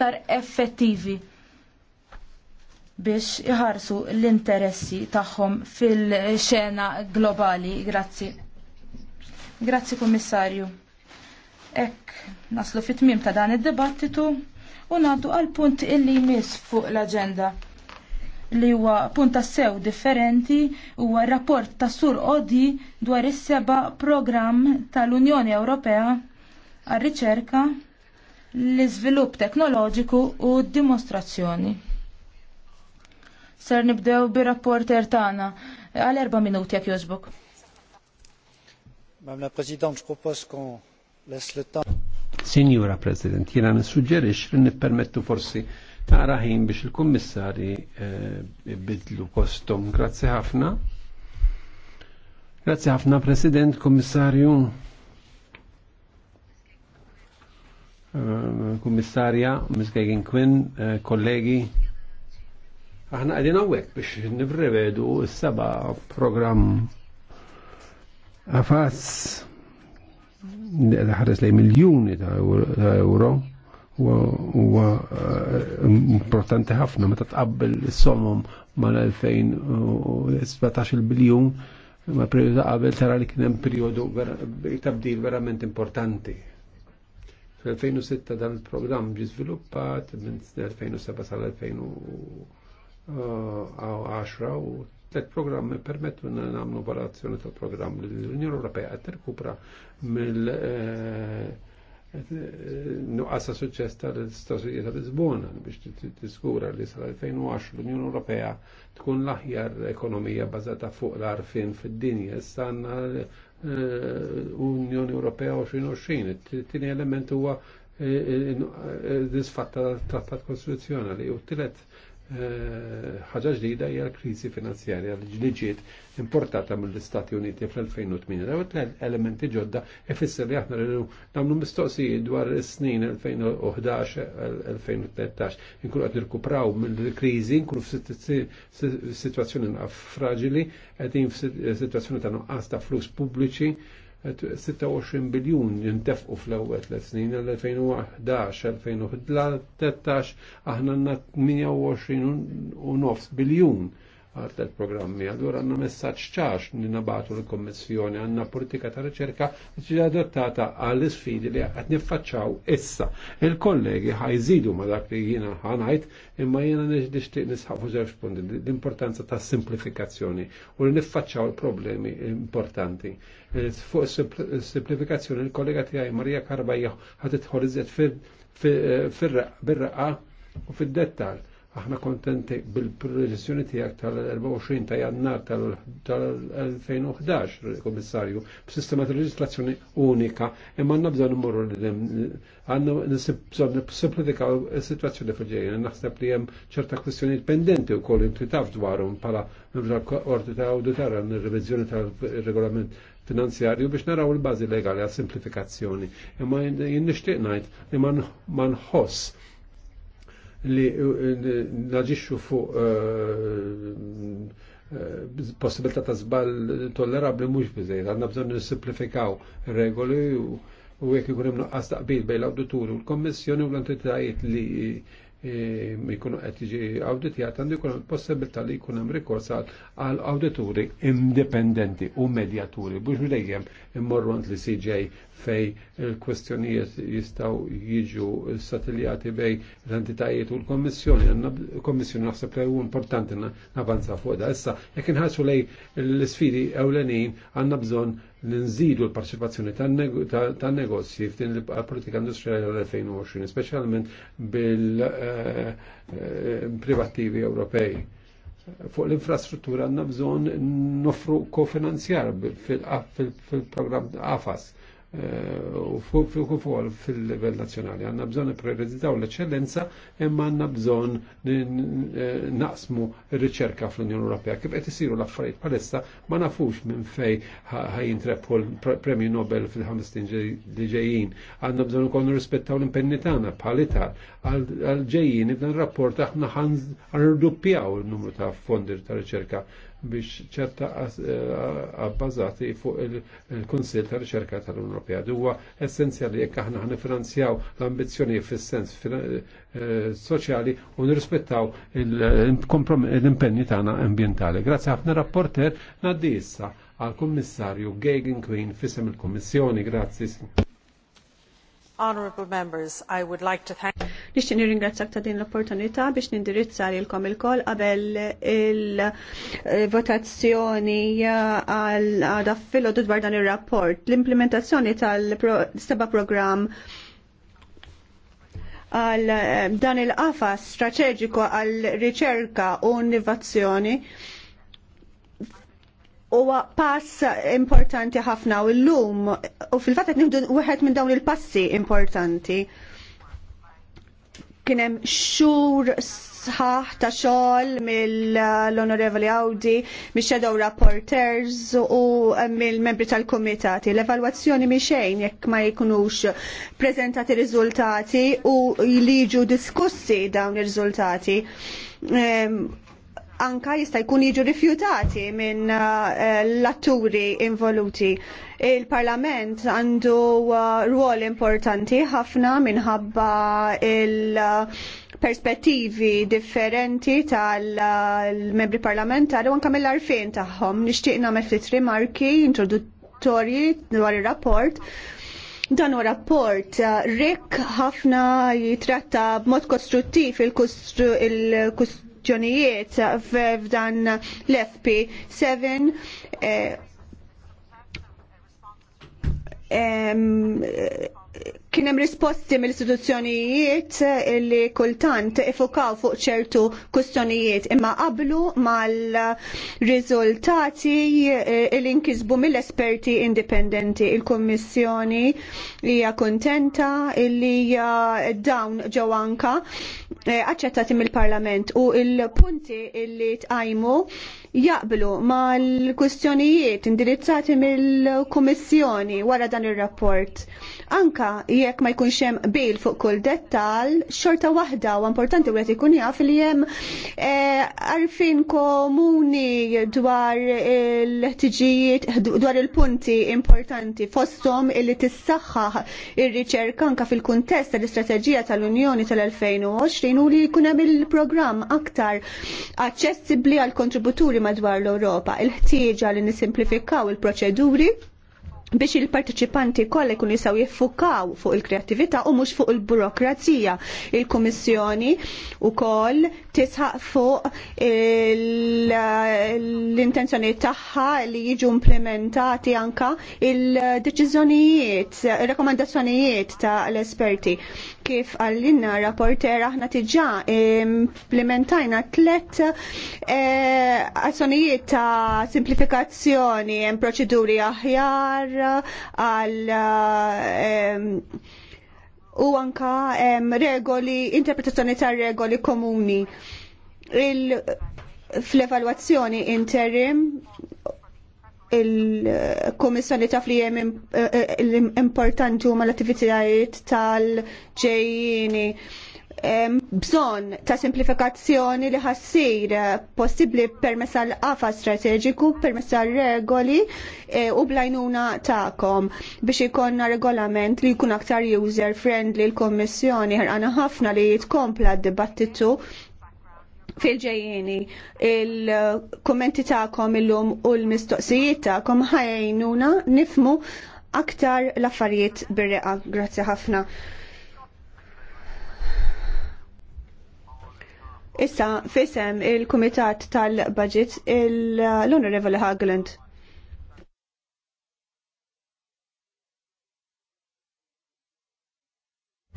aktar effettivi biex iħarsu l-interessi tagħhom fil-xena globali. Grazzi. Grazzi Kummissarju. Ek, naslu fit-tmim ta' dan id-dibattitu u naddu għal punt illi jmiss fuq l-agenda li huwa punta sew differenti huwa rapport ta' Sur Odi dwar is-seba' programm tal-Unjoni Ewropea għar-riċerka l-iżvilupp teknoloġiku u d-dimostrazzjoni. Ser nibdew bir-rapporter tagħna għal erba' minuti jekk jogħġbok. Madame la je propose qu'on laisse le temps. Signora President, jiena nissuġġerix li nippermettu forsi tara ħin biex il-kummissari eh, bidlu postom. Grazzi ħafna. Grazzi ħafna President, Kummissarju. kummissarja, Gagin Quinn, eh, kollegi. Aħna għedin għawek biex nivrevedu s-saba program għafas ħares lej miljoni ta' euro huwa eh, importanti ħafna meta tqabbel is-sommum mal-2017 il-biljon ma' periodu qabel tara li kienem periodu perjodu tabdil verament importanti. Fl-2006 dan il-programm ġi sviluppat minn 2007 sal-2010 uh, u tlet programmi permettu n namlu varazzjoni tal-programm li l-Unjoni Ewropea qed tirkupra mill eh, nuqqasa suċċess tal-istazzjoni ta' Lisbona biex tiskura li sal-2010 l-Unjoni Ewropea tkun l-aħjar ekonomija bażata fuq l-arfin fid-dinja. Issa għandna Unjoni Ewropea 2020. Tini element huwa disfatta trattat konstituzzjonali u t-tilet ħaġa ġdida hija l-kriżi finanzjarja li ġiet importata mill-Istati Uniti fl-2008. Dawn elementi ġodda ifisser li aħna rridu nagħmlu mistoqsijiet dwar is-snin 2011-2013. Inkunu qed nirkupraw mill-kriżi, nkunu f'sitwazzjoni fraġili, qegħdin f'sitwazzjoni ta' nuqqas ta' flus pubbliċi 26 biljun jintefqu fl-ewwel tliet snin għal-2011-2013 aħna għandna 28 u nofs biljun għal programmi Allura għanna messaċ ċaċ li nabatu l-Kommissjoni għanna politika ta' riċerka li ġi adottata għall sfidi li għat nifacċaw issa. Il-kollegi ħajżidu ma dak li jina ħanajt imma jena nixtieq nisħafu ġerx punti l-importanza ta' simplifikazzjoni u li nifacċaw il-problemi importanti. Eh, fuq simplifikazzjoni il-kollega tiegħi Marija Karbajja ħadd fil raqqa u fil-dettal Aħna kontenti bil-proġessjoni tijak tal-24 ta' jannar tal-2011, komissarju, b'sistema ta' leġislazzjoni unika, imma għandna bżonn immorru li hemm għandna bżonn simplifika is-sitwazzjoni fil-ġejjin. Naħseb li jem ċerta kwestjoni pendenti u wkoll inti taf dwarhom bħala orti ta' awditar ir revizjoni tal-regolament finanzjarju biex naraw il bazi legali għal simplifikazzjoni. Imma jien nixtieq ngħid li man nħoss li eh, naġiċu fuq eh, eh, possibilità ta' zbal tollerabli mux biżejjed, għanna bżonn nisimplifikaw regoli u għek ikun nuqqas taqbid bej l-awdituri u l-Kommissjoni u l-entitajiet li jkunu e, qed jiġi awditjat għandu jkun possibilità li jkun hemm rikors għal awdituri indipendenti u medjaturi biex dejjem immorru li CJ fej il-kwestjonijiet jistaw jiġu satiljati bej l-entitajiet u l-Kommissjoni. L-Kommissjoni naħseb li huwa importanti navanza fuq da. Issa, jekk inħarsu lej l-sfidi ewlenin għanna bżonn l-nżidu l-parċipazzjoni tan-negozji f'din il-politika industrijali tal-2020, speċjalment bil-privattivi Ewropej. Fuq l-infrastruttura għandna bżonn nofru kofinanzjar fil-programm AFAS Eh, u fuq fil-livell nazzjonali. Għanna bżon prereditaw l-eccellenza imma għanna bżon naqsmu r-riċerka fl-Unjoni Ewropea. Kif qed isiru l-affarijiet palessa, ma nafux minn fej ħajintrepu l-Premju Nobel fil ħames li ġejjin. Għanna bżon ukoll nirrispettaw l-impenni tagħna bħalita għal ġejjin f'dan rapport aħna ħanrduppjaw il-numru ta' fondi ta' riċerka biex ċerta eh, abbażati fuq il konsil ta' Riċerka tal-Unjoni Ewropea. Huwa essenzjali jekk aħna nifinanzjaw l-ambizzjoni fis-sens eh, soċjali u nirrispettaw l-impenni tagħna ambjentali. Grazzi ħafna rapporter ngħaddi issa għall kummissarju Gagin Queen fisem il-Kummissjoni. Grazzi. Honorable members, I would like to thank Nixtieq nirringrazzjak ta' din l-opportunità biex nindirizza lilkom ilkoll qabel il-votazzjoni uh, għal għada filgħodu dwar dan ir-rapport. L-implementazzjoni tal-seba' program għal eh, dan il-qafas strateġiku għal riċerka u innovazzjoni huwa pass importanti ħafna u llum u fil-fatt qed nieħdu wieħed minn dawn il-passi importanti. Kien hemm xhur sħaħ ta' xogħol mill-Onorevoli Audi, mix-Shadow Rapporters u mill-membri tal-Kumitati. L-evalwazzjoni mi xejn jekk ma jkunux preżentati riżultati u li jiġu diskussi dawn ir-riżultati. Um, anka jista' jkun jiġu rifjutati minn uh, eh, l-atturi involuti. Il-Parlament għandu uh, ruol importanti ħafna minħabba il- perspettivi differenti tal-membri uh, parlamentari u anka mill-arfin tagħhom. Nixtieq nagħmel ftit rimarki introduttorji dwar ir-rapport dan u rapport rik ħafna jitratta b'mod kostruttiv il-kustru il-kustru ġonijiet f'dan l-FP7 eh, em, Kien hemm risposti mill-istituzzjonijiet li kultant ifukaw fuq ċertu kustjonijiet imma qablu mal-riżultati eh, li nkisbu mill-esperti indipendenti. Il-Kummissjoni hija kuntenta li eh, dawn ġew anka eh, aċċettati mill-Parlament u il-punti illi tqajmu jaqblu mal-kwistjonijiet indirizzati mill-Kummissjoni wara dan ir-rapport. Anka jekk ma jkunx hemm bil fuq kull dettal, xorta waħda u importanti wieħed ikun jaf li hemm eh, għarfien komuni dwar il-ħtiġijiet dwar il-punti importanti fosthom illi tissaħħaħ ir-riċerka anka fil-kuntest tal-istrateġija tal-Unjoni tal-2020 u li jkun hemm il-programm aktar aċċessibbli għal kontributuri madwar l-Europa, il-ħtieġa li nisimplifikaw il-proċeduri biex il-partiċipanti kollha jkunu jisaw jiffukaw fuq il-kreattività u mhux fuq il-burokrazija. Il-Kummissjoni wkoll tisħaq fuq l-intenzjoni tagħha li jiġu implementati anka il-deċiżjonijiet, il-rekomandazzjonijiet tal esperti Kif għallinna rapporter aħna tiġa implementajna tlet eh, azzjonijiet ta' simplifikazzjoni, proċeduri aħjar għal eh, u anka eh, regoli, interpretazzjoni ta' regoli komuni. Il, fl-evalwazzjoni interim il-Komissjoni taf li jem eh, eh, l-importanti huma l-attivitajiet tal-ġejjini. Bżon ta' simplifikazzjoni li ħassir possibli permess għal qafa strateġiku, permess għal regoli eh, u blajnuna ta'kom biex ikonna regolament li jkun aktar user friendly l-Kommissjoni ħarqana ħafna li jitkompla d-dibattitu fil-ġejjeni il-kommenti ta'kom illum u l-mistoqsijiet ta'kom ħajnuna nifmu aktar l-affarijiet bir-reqa. Grazzi ħafna. Issa, fisem il-Kumitat tal-Budget l-Honorable Hagland.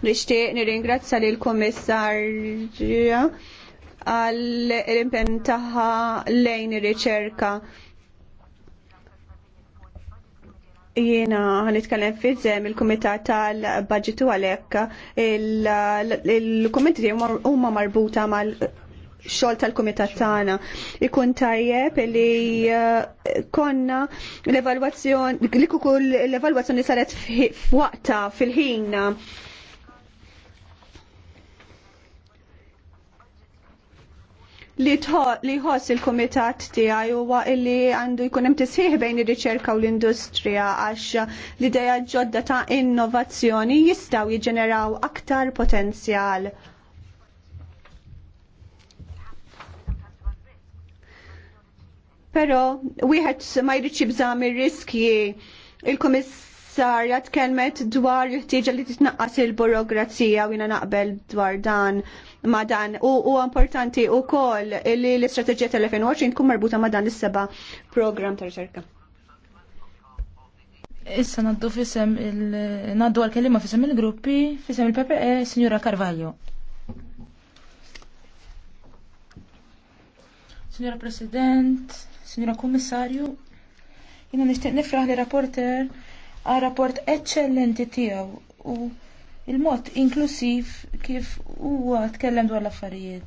Nishtiq nirringrazzja lill-Kummissarja għal l-impen taħħa lejn ir-riċerka. Jiena nitkellem fi żem il-Kumitat tal-Budgetu għalhekk il-kummenti huma marbuta mal xogħol tal-Kumitat tagħna. Ikun tajjeb li eh, konna l-evalwazzjoni li kull l-evalwazzjoni saret f'waqta fil-ħin li jħoss il-komitat tiegħi huwa li għandu jkun hemm tisħiħ bejn ir-riċerka u l-industrija għax l-idea ġodda ta' innovazzjoni jistgħu jiġġeneraw aktar potenzjal. Però wieħed ma jridx jibżam ir-riskji il-Kumiss Sarja tkellmet dwar il ħtieġa li titnaqqas il-burokrazija u jiena naqbel dwar dan ma dan u importanti wkoll li l-istrateġija tal-2020 tkun marbuta ma dan is-seba' programm ta' riċerka. Issa naddu fisem il naddu għal-kelima fisem il-gruppi fisem il-PPE Signora Carvalho. Signora President, Signora Kommissarju, jina nishtiq nifraħ li rapporter għal rapport eċċellenti tiegħu u il-mod inklusiv kif huwa tkellem dwar l-affarijiet.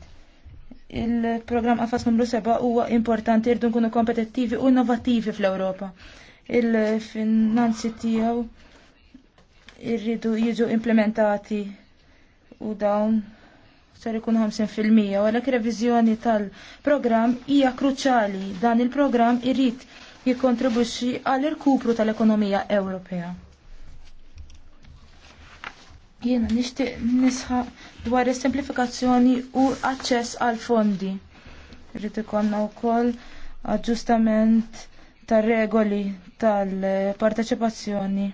Il-programm qafas numru 7 huwa importanti rridu nkunu kompetittivi u innovattivi fl-Ewropa. Il-finanzi tiegħu irridu jiġu implementati u dawn ser ikun 50% għalhekk reviżjoni tal-programm hija kruċali Dan il-programm irrid jikkontribwixxi għall irkupru tal-ekonomija Ewropea. Jiena nixtieq nisħa dwar is-semplifikazzjoni u aċċess għal fondi. Rrid ikollna wkoll aġġustament tar-regoli tal-parteċipazzjoni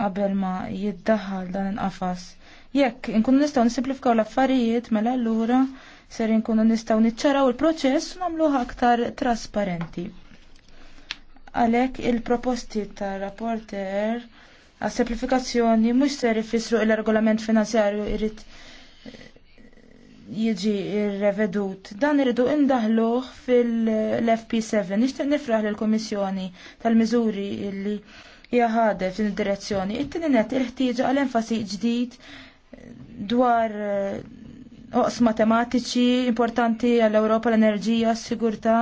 qabel ma jiddaħal dan inqafas. Jekk inkunu nistgħu nisimplifikaw l-affarijiet mela allura ser inkunu nistgħu niċċaraw il-proċess u nagħmluha aktar trasparenti. Għalhekk il-proposti tar-rapporter għas semplifikazzjoni mhux ser ifissru il-regolament finanzjarju irid eh, jiġi revedut. Dan irridu indaħluh fil-FP7. Nixtieq nifraħ lill-Kummissjoni tal-miżuri illi hija ħadet f'din id-direzzjoni. It-tieni il-ħtieġa għal enfasi ġdid dwar eh, oqs matematiċi importanti għall-Ewropa l-enerġija, s-sigurtà,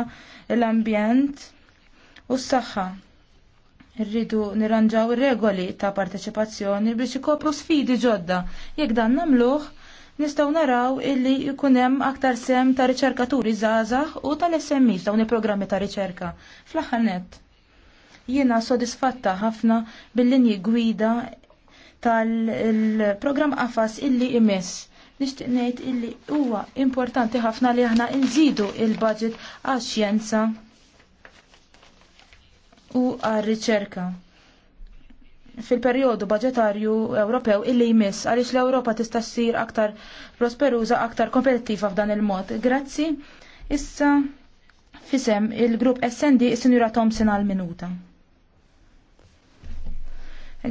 l-ambjent u s-saħħa. Irridu nirranġaw regoli ta' parteċipazzjoni biex ikopru sfidi ġodda. Jekk dan nagħmluh, nistgħu naraw illi jkun hemm aktar sem ta' riċerkaturi zazax u tal-SMI dawn il-programmi ta' riċerka. Fl-aħħar nett. Jiena sodisfatta ħafna bil-linji gwida tal-program qafas illi imess. Nixtieq ngħid illi huwa importanti ħafna li aħna nżidu il-budget għax-xjenza u għar-riċerka fil-perjodu budgetarju Ewropew illi jmiss għaliex l-Ewropa tista' ssir aktar prosperuża, aktar kompetittiva f'dan il-mod. Grazzi. Issa fisem il-grupp SND is-Sinjura Thompson għal minuta.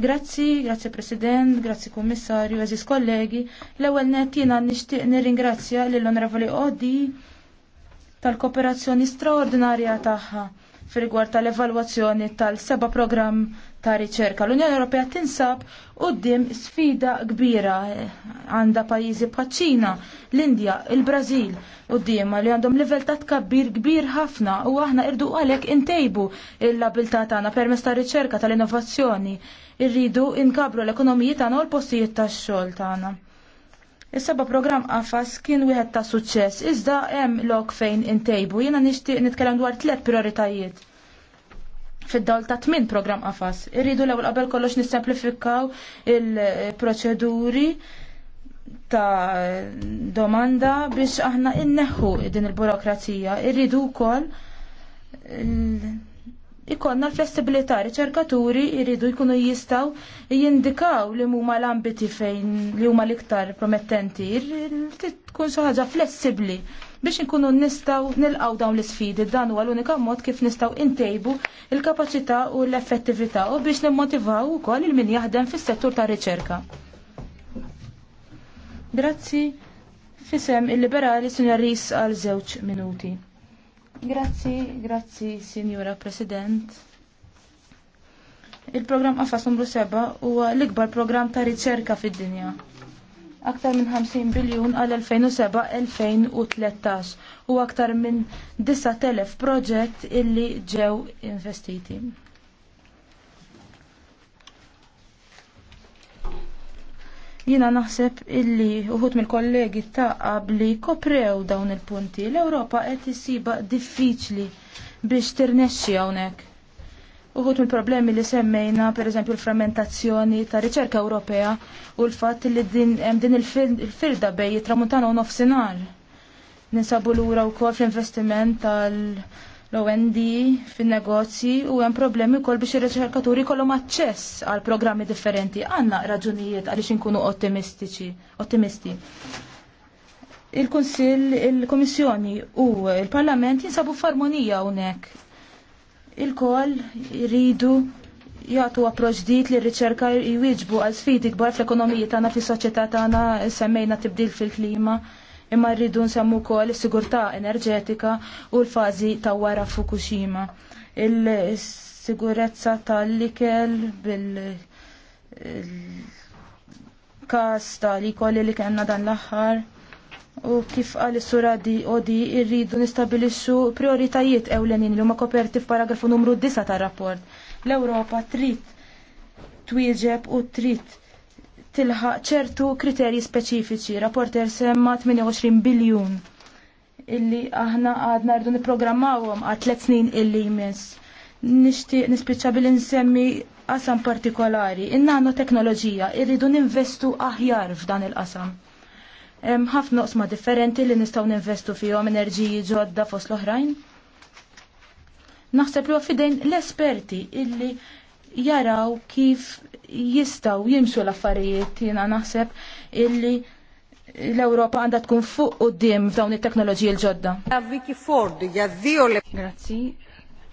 Grazzi, grazzi President, grazzi Kummissarju, eżis kollegi. L-ewwel net jiena nixtieq nirringrazzja l onorevoli Odi tal-kooperazzjoni straordinarja tagħha fil tal-evalwazzjoni tal-seba programm ta' riċerka. L-Unjoni Ewropea tinsab qudiem sfida kbira għandha pajjiżi paċ-Ċina, l-Indja, il-Brażil qudiem li għandhom livell ta' tkabbir kbir ħafna u aħna irdu għalhekk intejbu l-abilità tagħna permezz ta' riċerka tal-innovazzjoni. Irridu inkabru l-ekonomiji tagħna u l-postijiet tax-xogħol tagħna. Is-seba programm qafas kien wieħed ta' suċċess, iżda hemm lok fejn intejbu. Jiena nixtieq nitkellem dwar tliet prioritajiet. Fid-dawl ta' tmien programm qafas. Irridu l-ewwel qabel kollox nissemplifikaw il-proċeduri ta' domanda biex aħna inneħħu din il-burokrazija. Irridu wkoll ikonna l flessibilità riċerkaturi jridu jkunu jistaw jindikaw li huma l-ambiti fejn li huma l-iktar promettenti, tkun xi ħaġa flessibbli biex nkunu nistaw nilqaw dawn l-isfidi dan huwa l-unika mod kif nistaw intejbu il-kapaċità u l-effettività u biex nimmotivaw ukoll il min jaħdem fis-settur ta' riċerka. Grazzi fisem il-liberali sinja għal żewġ minuti. Grazzi, grazzi, Signora President. Il-programm AFAS numru 7 huwa l-ikbar program ta' riċerka fid-dinja. Aktar minn 50 biljun għal 2007-2013 u aktar minn 9000 proġett illi ġew investiti. Jina naħseb illi uħut mill-kollegi ta' qabli koprew dawn il-punti. L-Ewropa qed isiba diffiċli biex tirnexxi hawnhekk. Uħut mill-problemi li semmejna, per eżempju, l-frammentazzjoni ta' riċerka Ewropea u l-fatt li din hemm din il-firda bej tramuntana u nofsinhar. Ninsabu lura wkoll fl-investiment tal- l-OND fin-negozji u hemm problemi wkoll biex ir-riċerkaturi jkollhom aċċess għal programmi differenti. Għandna raġunijiet għaliex inkunu ottimistiċi, ottimisti. Il-Kunsill, il-Komissjoni u il-Parlament jinsabu f'armonija hawnhekk. Il-koll jridu jagħtu approċċ li r-riċerka jwieġbu għal sfidi kbar fl-ekonomija tagħna fis-soċjetà tagħna semmejna tibdil fil-klima imma rridu nsemmu wkoll is-sigurtà enerġetika u l-fażi ta' wara Fukushima. Il-sigurezza tal likel bil kas tal-ikel li kellna dan l-aħħar. U kif għal sura di odi irridu nistabilixxu prioritajiet ewlenin li huma koperti f'paragrafu numru 9 tar-rapport. L-Ewropa trid twieġeb u trid tilħaq ċertu kriterji speċifiċi. Rapporter semma 28 biljun illi aħna għadna rridu niprogrammawhom għal tliet snin illi jmiss. Nixtieq nispiċċa bil insemmi qasam partikolari. In-nano teknoloġija irridu ninvestu aħjar f'dan il-qasam. Hemm ħafna noqsma differenti li nistgħu ninvestu fihom enerġiji ġodda fost l-oħrajn. Naħseb li fidejn l-esperti illi jaraw kif jistaw jimxu l-affarijiet jiena naħseb illi l-Europa għandha tkun fuq u f'dawn it-teknoloġiji l-ġodda. Grazie.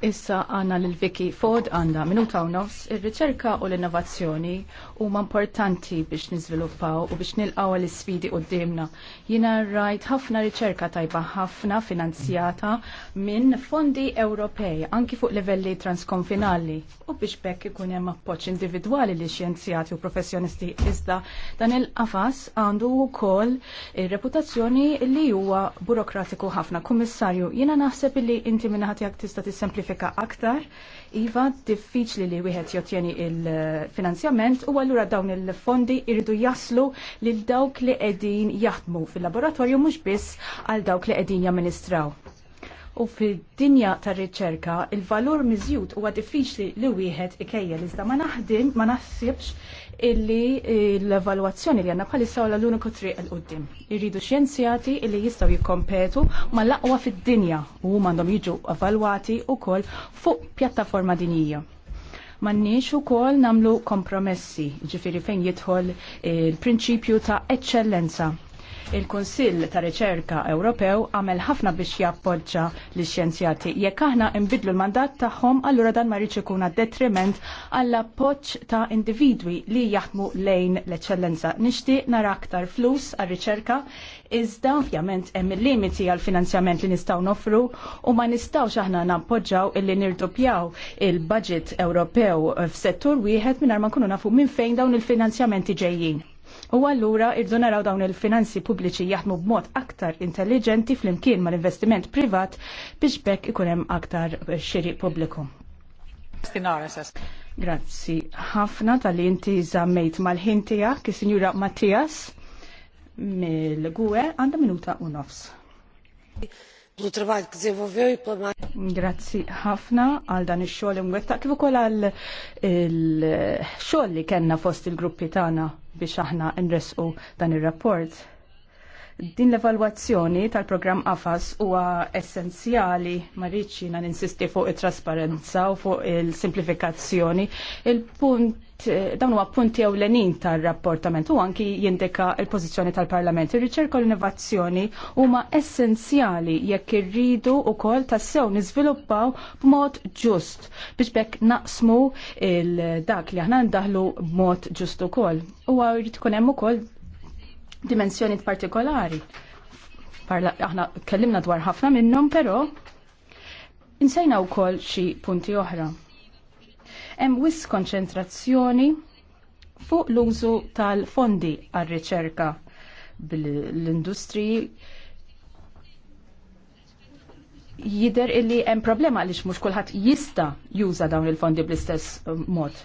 Issa għanna l-Viki Ford għanda minuta u nofs il-riċerka u l-innovazzjoni u ma importanti biex nizviluppaw u biex nilqaw l-sfidi u d-dimna. Jina rajt ħafna riċerka tajba ħafna finanzjata minn fondi Ewropej anki fuq livelli transkonfinali u biex bekk ikun hemm appoġġ individwali li xjenzjati u professjonisti iżda dan il-qafas għandu wkoll il reputazzjoni li huwa burokratiku ħafna. Kummissarju, jina naħseb li inti minnaħatijak tista' tissemplifika nisimplifika aktar, iva diffiċli li wieħed jottieni il-finanzjament u allura dawn il-fondi irridu jaslu lil dawk li qegħdin jaħdmu fil-laboratorju mhux biss għal dawk li qegħdin jamministraw u fid-dinja tar riċerka il-valur miżjud huwa diffiċli li wieħed ikejjel iżda ma naħdim ma naħsibx illi l-evalwazzjoni li għandna bħalissa għal l-uniku triq l qudiem Irridu xjenzjati illi jistgħu jikkompetu mal-aqwa fid-dinja u m'għandhom jiġu evalwati wkoll fuq pjattaforma dinjija. Mannix u kol namlu kompromessi, ġifiri fejn jidħol il-prinċipju ta' eccellenza Il-Kunsill ta' Riċerka Ewropew għamel ħafna biex jappoġġa l xjenzjati Jekk aħna nbidlu l-mandat tagħhom, allura dan ma rridx ikun detriment għall appoġġ ta' individwi li jaħdmu lejn l-eċċellenza. Nixtieq nara aktar flus għar-riċerka iżda ovvjament hemm il-limiti għal finanzjament li nistgħu nofru u ma nistgħux aħna nappoġġaw illi nirdupjaw il-budget Ewropew f'settur wieħed mingħajr ma nkunu nafu minn fejn dawn il-finanzjamenti ġejjin. U allura irdu naraw dawn il-finanzi pubbliċi jaħdmu b'mod aktar intelligenti fl-imkien mal-investiment privat biex bekk ikun hemm aktar eh, xiri pubbliku. Grazzi ħafna tal inti zammejt mal-ħin tiegħek, is-Sinjura Mattias mill-Gwe għandha minuta u nofs. Grazzi ħafna għal dan ix-xogħol imwettaq kif ukoll għal il-xogħol li kellna fost il-gruppi tagħna biex aħna nresqu dan ir-rapport. Din l-evalwazzjoni tal-programm AFAS huwa essenzjali ma rridxina ninsisti fuq it-trasparenza u fuq il-simplifikazzjoni. Il-punt eh, dawn huwa punti ewlenin tar-rapportament u anki jindika il-pożizzjoni tal-Parlament. Ir-riċerka u l-innovazzjoni huma essenzjali jekk irridu wkoll tassew niżviluppaw b'mod ġust biex bekk naqsmu il-dak li aħna ndaħlu b'mod ġust ukoll. Huwa jrid tkun hemm ukoll dimensjoni partikolari. Parla, aħna kellimna dwar ħafna minnhom, però insejna wkoll xi punti oħra. Hemm wis konċentrazzjoni fuq l-użu tal-fondi għar-riċerka bl-industriji jider illi hemm problema għaliex mhux kulħadd jista' juża dawn il-fondi bl-istess eh, mod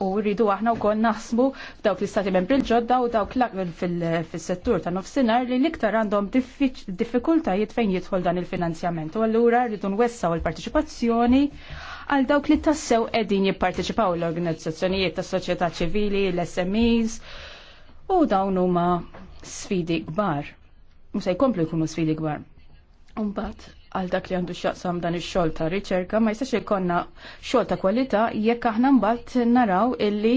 u rridu aħna wkoll naħsbu f'dawk l-istati membri l-ġodda u dawk l fil-settur ta' nofsinhar li l-iktar għandhom diffikultajiet fejn jidħol dan il-finanzjament. U allura rridu nwessaw il-partiċipazzjoni għal dawk li tassew qegħdin jipparteċipaw l-organizzazzjonijiet tas soċjetà ċivili, l-SMEs u dawn huma sfidi kbar. Musa jkomplu jkunu sfidi kbar. Umbat, għal dak li għandu xaqsam dan ix-xogħol ta' riċerka ma jistax ikonna xogħol ta' kwalità jekk aħna mbagħad naraw illi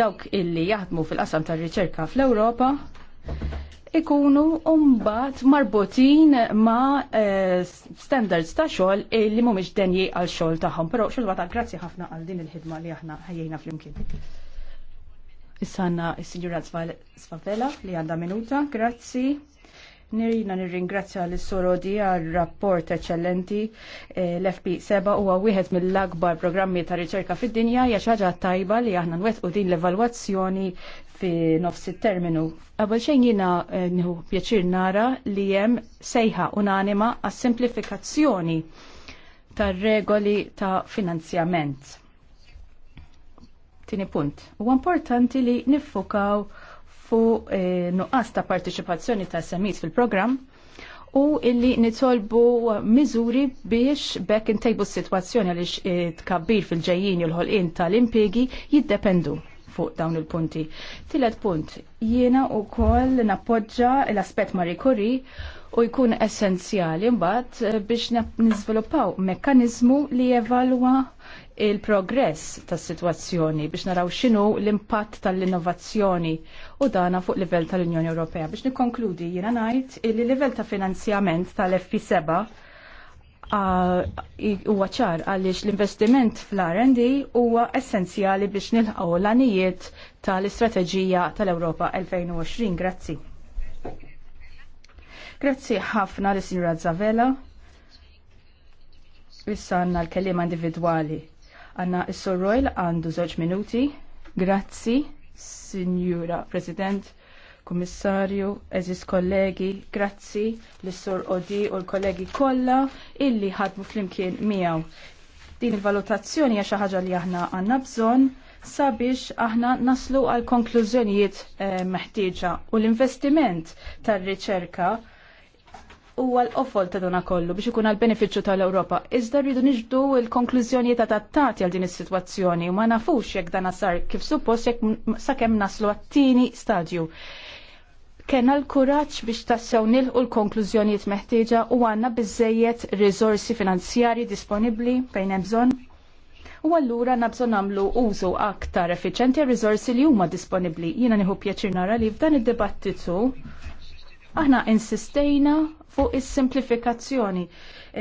dawk illi jaħdmu fil-qasam tar-riċerka fl-Ewropa ikunu mbagħad marbutin ma' eh, standards ta' xogħol illi mhumiex denji għal xogħol tagħhom. Però xogħol grazzi ħafna għal din il-ħidma li aħna ħejjejna flimkien. Issa għandna s-signora Svavela li għanda minuta, grazzi. Nirina nirringrazzja l sorodi għal rapport eccellenti eh, l-FP7 huwa wieħed mill-akbar programmi ta' riċerka fid-dinja hija ħaġa tajba li aħna nwettqu din l-evalwazzjoni fi nofs terminu Qabel xejn jiena eh, nieħu pjaċir nara li hemm sejħa unanima għas-simplifikazzjoni tar-regoli ta' finanzjament. Tini punt. Huwa importanti li nifukaw nwaqfu eh, nuqqas ta' partiċipazzjoni ta' semit fil-programm u illi nitolbu miżuri biex bekk intejbu s-sitwazzjoni għaliex eh, tkabbir fil-ġejjin u l-ħolqien tal impiegi jiddependu fuq dawn il-punti. Tilet punt, jiena u koll nappoġġa l-aspet Marie u jkun essenzjali mbagħad eh, biex nizviluppaw mekkanizmu li jevalwa il-progress tas situazzjoni biex naraw xinu l-impatt tal-innovazzjoni u dana fuq livell tal-Unjoni Ewropea. Biex nikkonkludi jiena ngħid li livell ta' finanzjament tal-FP7 huwa ċar għaliex l-investiment fl-R&D huwa essenzjali biex nilħaw l-anijiet tal-istrateġija tal-Ewropa 2020. Grazzi. Grazzi ħafna l-Sinjura Zavella. Issa għanna l-kellima individuali Għanna Issur Royal għandu żewġ minuti. Grazzi, Signora President, Kummissarju, eżis kollegi, grazzi l sor Odi u l-kollegi kollha illi ħadmu flimkien miegħu. Din il-valutazzjoni hija xi ħaġa li aħna għandna bżonn sabiex aħna naslu għal konklużjonijiet eh, meħtieġa u l-investiment tar-riċerka huwa l-qofol ta' dana kollu biex ikun għal-beneficju tal-Ewropa. Iżda rridu niġdu l-konklużjoni ta' tattati għal din is-sitwazzjoni u ma nafux jekk dan sar kif suppost jekk sakemm naslu għat-tieni stadju. Kenna l-kuraċ biex tassew nilħu l-konklużjonijiet meħtieġa u għanna biżejjed rizorsi finanzjari disponibbli fejn hemm bżonn u allura nabżon namlu użu aktar effiċenti rizorsi li huma disponibli. Jiena nieħu pjaċir nara li f'dan id-dibattitu Aħna insistejna fuq is-simplifikazzjoni.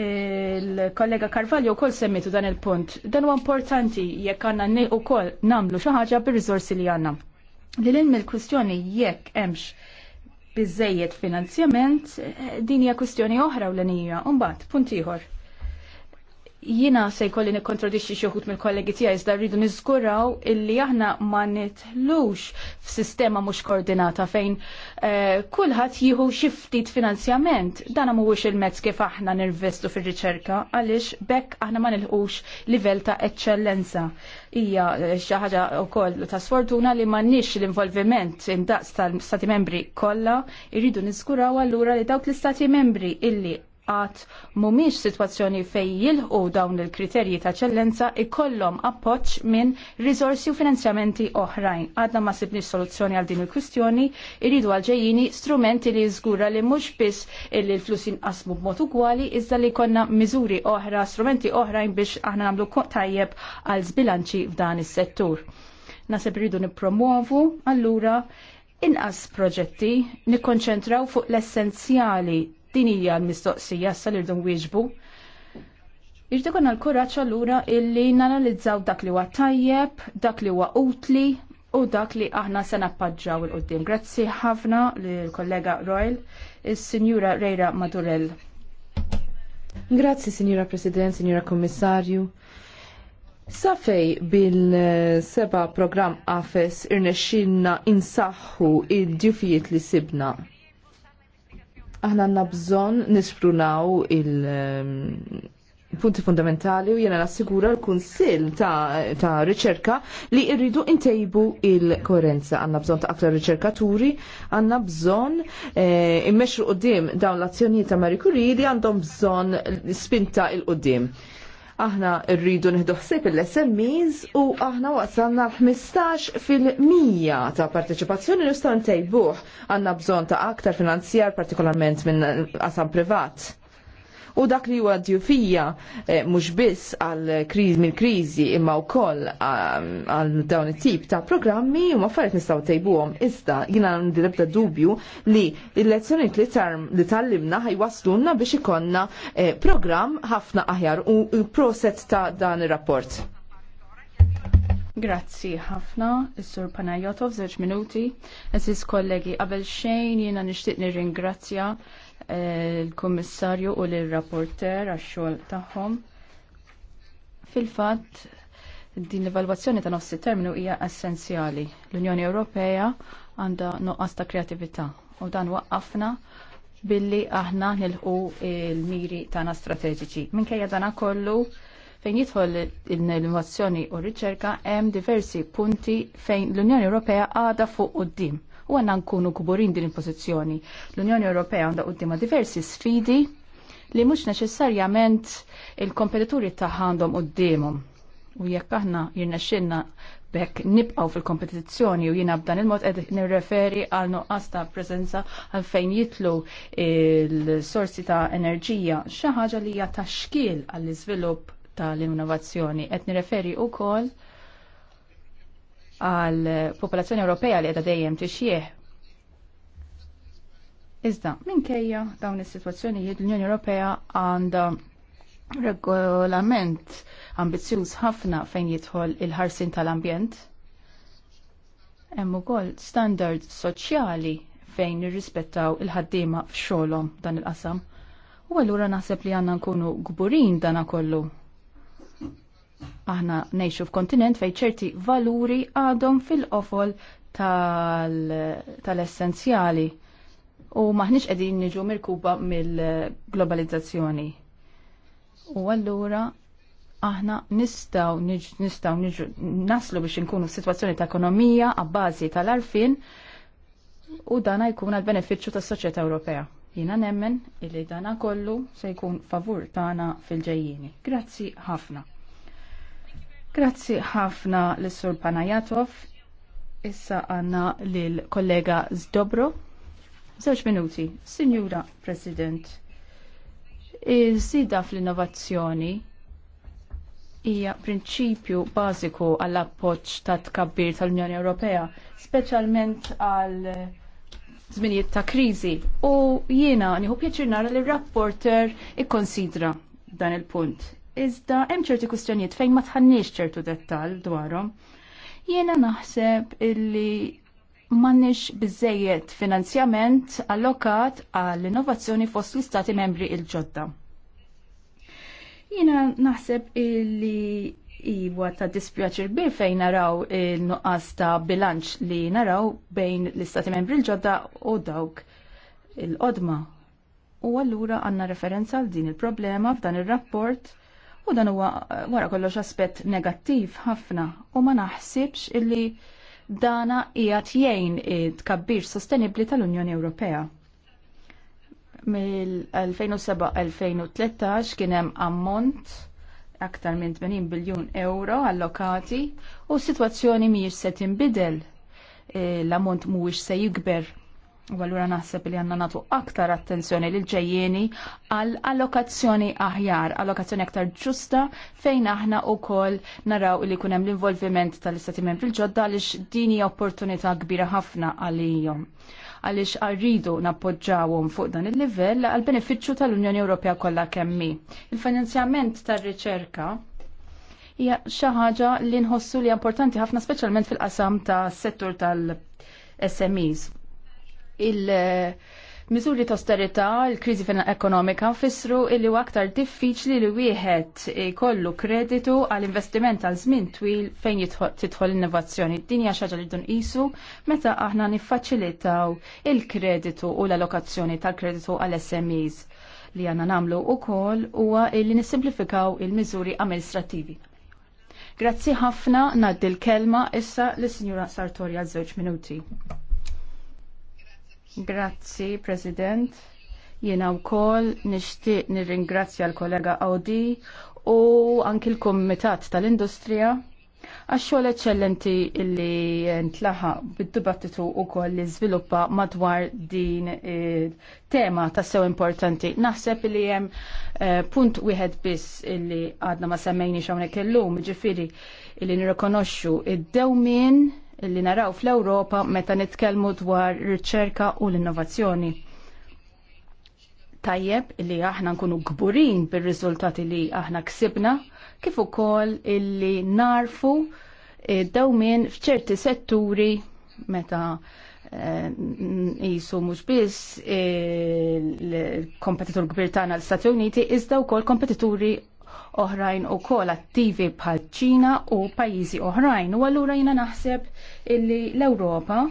Il-kollega e, Carvalho wkoll semmitu dan il-punt. Dan huwa importanti jekk għandna wkoll nagħmlu xi ħaġa bir-riżorsi li għandna. Lil ilm il-kwistjoni jekk hemmx biżejjed finanzjament e, din hija kwistjoni oħra u l-nija. Umbagħad punt ieħor Jina se jkolli nikkontradixxi xi wħud mill-kollegi tiegħi iżda rridu niżguraw illi aħna ma nitlux f'sistema mhux koordinata fejn eh, kulħadd jieħu xi ftit finanzjament. Dan mhuwiex il-mezz kif aħna nirvestu fir-riċerka għaliex bekk aħna ma nilħux livell ta' eċċellenza. Hija eh, xi ħaġa wkoll ta' sfortuna li m'għandniex l-involviment imdaqs tal-Stati membri kollha, irridu niżguraw allura li dawk l-Istati membri illi qatt mhumiex sitwazzjoni fejn jilħu dawn il-kriterji ta' ċellenza ikollhom appoġġ minn rizorsi u finanzjamenti oħrajn. Għadna ma sibni soluzzjoni għal din il-kwistjoni, irridu għalġejjini strumenti li jżgura li mhux biss illi l-flus jinqasmu b'mod ugwali, iżda li konna miżuri oħra, strumenti oħrajn biex aħna nagħmlu tajjeb għal zbilanċi f'dan is-settur. Nasib rridu nippromuovu allura inqas proġetti nikkonċentraw fuq l-essenzjali Din hija l-mistoqsija li rridu nwieġbu. Irdu konna l kuraġġ allura illi nanalizzaw dak li huwa tajjeb, dak li huwa utli u dak li aħna se nappaġġaw il qudiem Grazzi ħafna lill-kollega Royal, is-Sinjura Rejra Madurell. Grazzi, Sinjura President, Sinjura Kommissarju. Safej bil-seba program AFES irnexxinna insaħħu id-djufijiet li sibna Aħna għandna bżonn nisprunaw il- ehm, punti fundamentali u jena nassigura l-Kunsil ta', ta riċerka li irridu intejbu il-koerenza. Għanna bżon ta' aktar riċerkaturi, għanna bżon eh, immexru qoddim dawn l-azzjonijiet ta' Marie Curie li għandhom bżon spinta il-qoddim. Aħna rridu nħdoħsib l smes u aħna waqsanna l-15 fil-100 ta' parteċipazzjoni nistgħu ntejbuh. Għandna bżonn ta' aktar finanzjar partikolarment minn qasam privat u dak li huwa djufija eh, mhux biss għal kriz mill kriżi imma wkoll um, għal dawn it-tip ta' programmi u affarijiet nistgħu tejbuhom iżda jiena ndiribda dubju li l-lezzjonijiet li tarm li tallimna ħajwaslunna biex ikonna eh, programm ħafna aħjar u, u proset ta' dan ir-rapport. Grazzi ħafna, Is-Sur Panajotov, żewġ minuti. Eżis kollegi, qabel xejn jiena nixtieq nirringrazzja l-Kummissarju u l-Rapporter għax-xogħol tagħhom. Fil-fatt, din l-evalwazzjoni ta' nofsi terminu hija essenzjali. L-Unjoni Ewropea għandha noqqas ta' kreatività u dan waqqafna billi aħna nilħu l-miri tagħna strateġiċi. Minkejja dan kollu fejn jidħol l-innovazzjoni u r-riċerka hemm diversi punti fejn l-Unjoni Ewropea għadha fuq quddiem u għanna nkunu kuburin din il-pozizjoni. L-Unjoni Ewropea għandha qudiema diversi sfidi li mhux neċessarjament il-kompetituri tagħha għandhom qudiemhom. U jekk aħna xinna bekk nibqaw fil-kompetizzjoni u jina b'dan il-mod qed nirreferi għal nuqqas ta' prezenza għal fejn jitlu il-sorsi ta' enerġija xaħġa ħaġa li hija taxkil għall-iżvilupp tal-innovazzjoni. Qed nirreferi wkoll għal popolazzjoni Ewropea li qiegħda dejjem tixjieħ. Iżda, minkejja dawn is-sitwazzjonijiet l-Unjoni Ewropea għandha regolament ambizzjuż ħafna fejn jidħol il-ħarsin tal-ambjent. Hemm ukoll standard soċjali fejn nirrispettaw il-ħaddiema f'xogħolhom dan il-qasam. U allura naħseb li għandna nkunu gburin dana kollu Aħna nejxu f'kontinent fej ċerti valuri għadhom fil-qofol tal-essenzjali u maħniċ qegħdin niġu mirkuba mill-globalizzazzjoni. U allura aħna nistaw nistaw naslu biex nkunu situazzjoni ta' ekonomija għabbażi tal-arfin u dana jkun għal beneficju tas soċjetà Ewropea. Jina nemmen illi dana kollu se jkun favur tana fil-ġejjini. Grazzi ħafna. Grazzi ħafna l-Sur Panajatov. Issa għanna l-kollega Zdobro. Zewġ minuti, Signora President. Iż-żida fl-innovazzjoni hija prinċipju bażiku għall appoġġ ta' tkabbir tal-Unjoni Ewropea, speċjalment għal żminijiet ta' kriżi. U jiena nieħu pjaċir nara li r-rapporter ikkonsidra dan il-punt iżda hemm ċerti kustjonijiet fejn ma tħannix ċertu dettall dwarhom. Jiena naħseb illi m'għandniex biżejjed finanzjament allokat għall-innovazzjoni fost l-istati membri il-ġodda. Jiena naħseb illi Iwa ta' dispjaċir bi fejn naraw il-nuqqas ta' bilanċ li naraw bejn l-istati membri l-ġodda u dawk il-qodma. U għallura għanna referenza għal din il-problema f'dan il-rapport U dan huwa eh, wara kollox aspett negattiv ħafna u ma naħsibx illi dana qiegħed jgħin id-tkabbir sostenibbli tal-Unjoni Ewropea. Mill-2007-2013 kien hemm ammont aktar minn 80 biljun euro allokati u s-sitwazzjoni mhijiex se tinbidel eh, l-ammont mhuwiex se jikber U għallura naħseb li għanna natu aktar attenzjoni lil ġejjeni għal allokazzjoni aħjar, allokazzjoni aktar ġusta fejn aħna u kol naraw li kunem l-involviment tal-istati membri l-ġodda għalix dini opportunità kbira ħafna għalijom. Għalix għarridu nappoġġawum fuq dan il-livell għal beneficju tal-Unjoni Ewropea kollha kemmi. Il-finanzjament tar-riċerka hija xi ħaġa li nħossu li importanti ħafna speċjalment fil-qasam ta' settur tal-SMEs il- Miżuri ta' austerità, il-kriżi ekonomika fissru illi u aktar diffiċli li wieħed kollu kreditu għal investiment għal żmien twil fejn tidħol innovazzjoni. Din hija xaġa li dun qisu meta aħna niffaċilitaw il-kreditu u l-allokazzjoni tal-kreditu għal SMEs li għanna namlu u huwa li nisimplifikaw il-miżuri amministrativi. Grazzi ħafna naddi l-kelma issa l-Sinjura Sartorja għal żewġ minuti. Grazzi, President. Jiena wkoll nixtieq nirringrazzja l-kollega Audi u anki l-Kumitat tal-Industrija għax-xogħol eċċellenti illi ntlaħa bid-dibattitu wkoll li zviluppa madwar din eh, tema ta' sew importanti. Naħseb li hemm eh, punt wieħed biss illi għadna ma semmejniex hawnhekk illum, ġifieri illi nirrikonoxxu id-dewmien li naraw fl-Ewropa meta nitkellmu dwar riċerka u l-innovazzjoni. Tajjeb li aħna nkunu gburin bir-riżultati li aħna ksibna, kif ukoll illi narfu eh, dawmin f'ċerti setturi meta jisu eh, mux biss eh, l-kompetitur kbir tagħna l-Stati Uniti iżda wkoll kompetituri oħrajn u kol attivi bħal ċina u pajizi oħrajn. U għallura jina naħseb illi l-Europa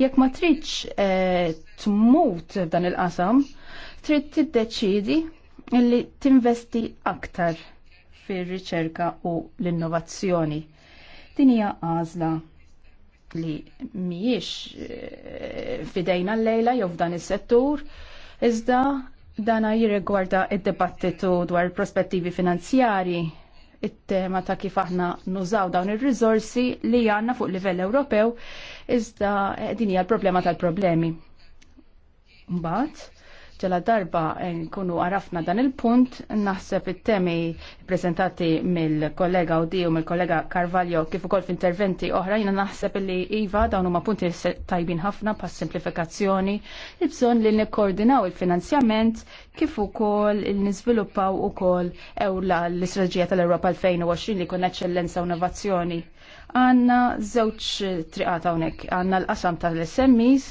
jekk ma tridx eh, tmut f'dan il-qasam, trid tiddeċidi illi tinvesti aktar fir-riċerka u l-innovazzjoni. Din hija għażla li mhijiex eh, fidejna l-lejla jew f'dan is-settur, iżda Dana jirregwarda id-debattitu dwar prospettivi finanzjari, it-tema ta' kif aħna nużaw dawn ir-riżorsi li għandna fuq livell Ewropew iżda din hija l-problema tal-problemi. Mbagħad ġela darba eh, nkunu għarafna dan il-punt, naħseb it-temi prezentati mill-kollega Udi u mill-kollega Carvalho kif ukoll f'interventi oħra, jina naħseb li Iva dawn huma punti tajbin ħafna pa' simplifikazzjoni, il-bżonn li nikkoordinaw il-finanzjament kif ukoll il-niżviluppaw ukoll ewla l-istraġija tal-Ewropa 2020 li kun eċċellenza u innovazzjoni għanna zewċ triqat hawnhekk għanna l-qasam tal-SMEs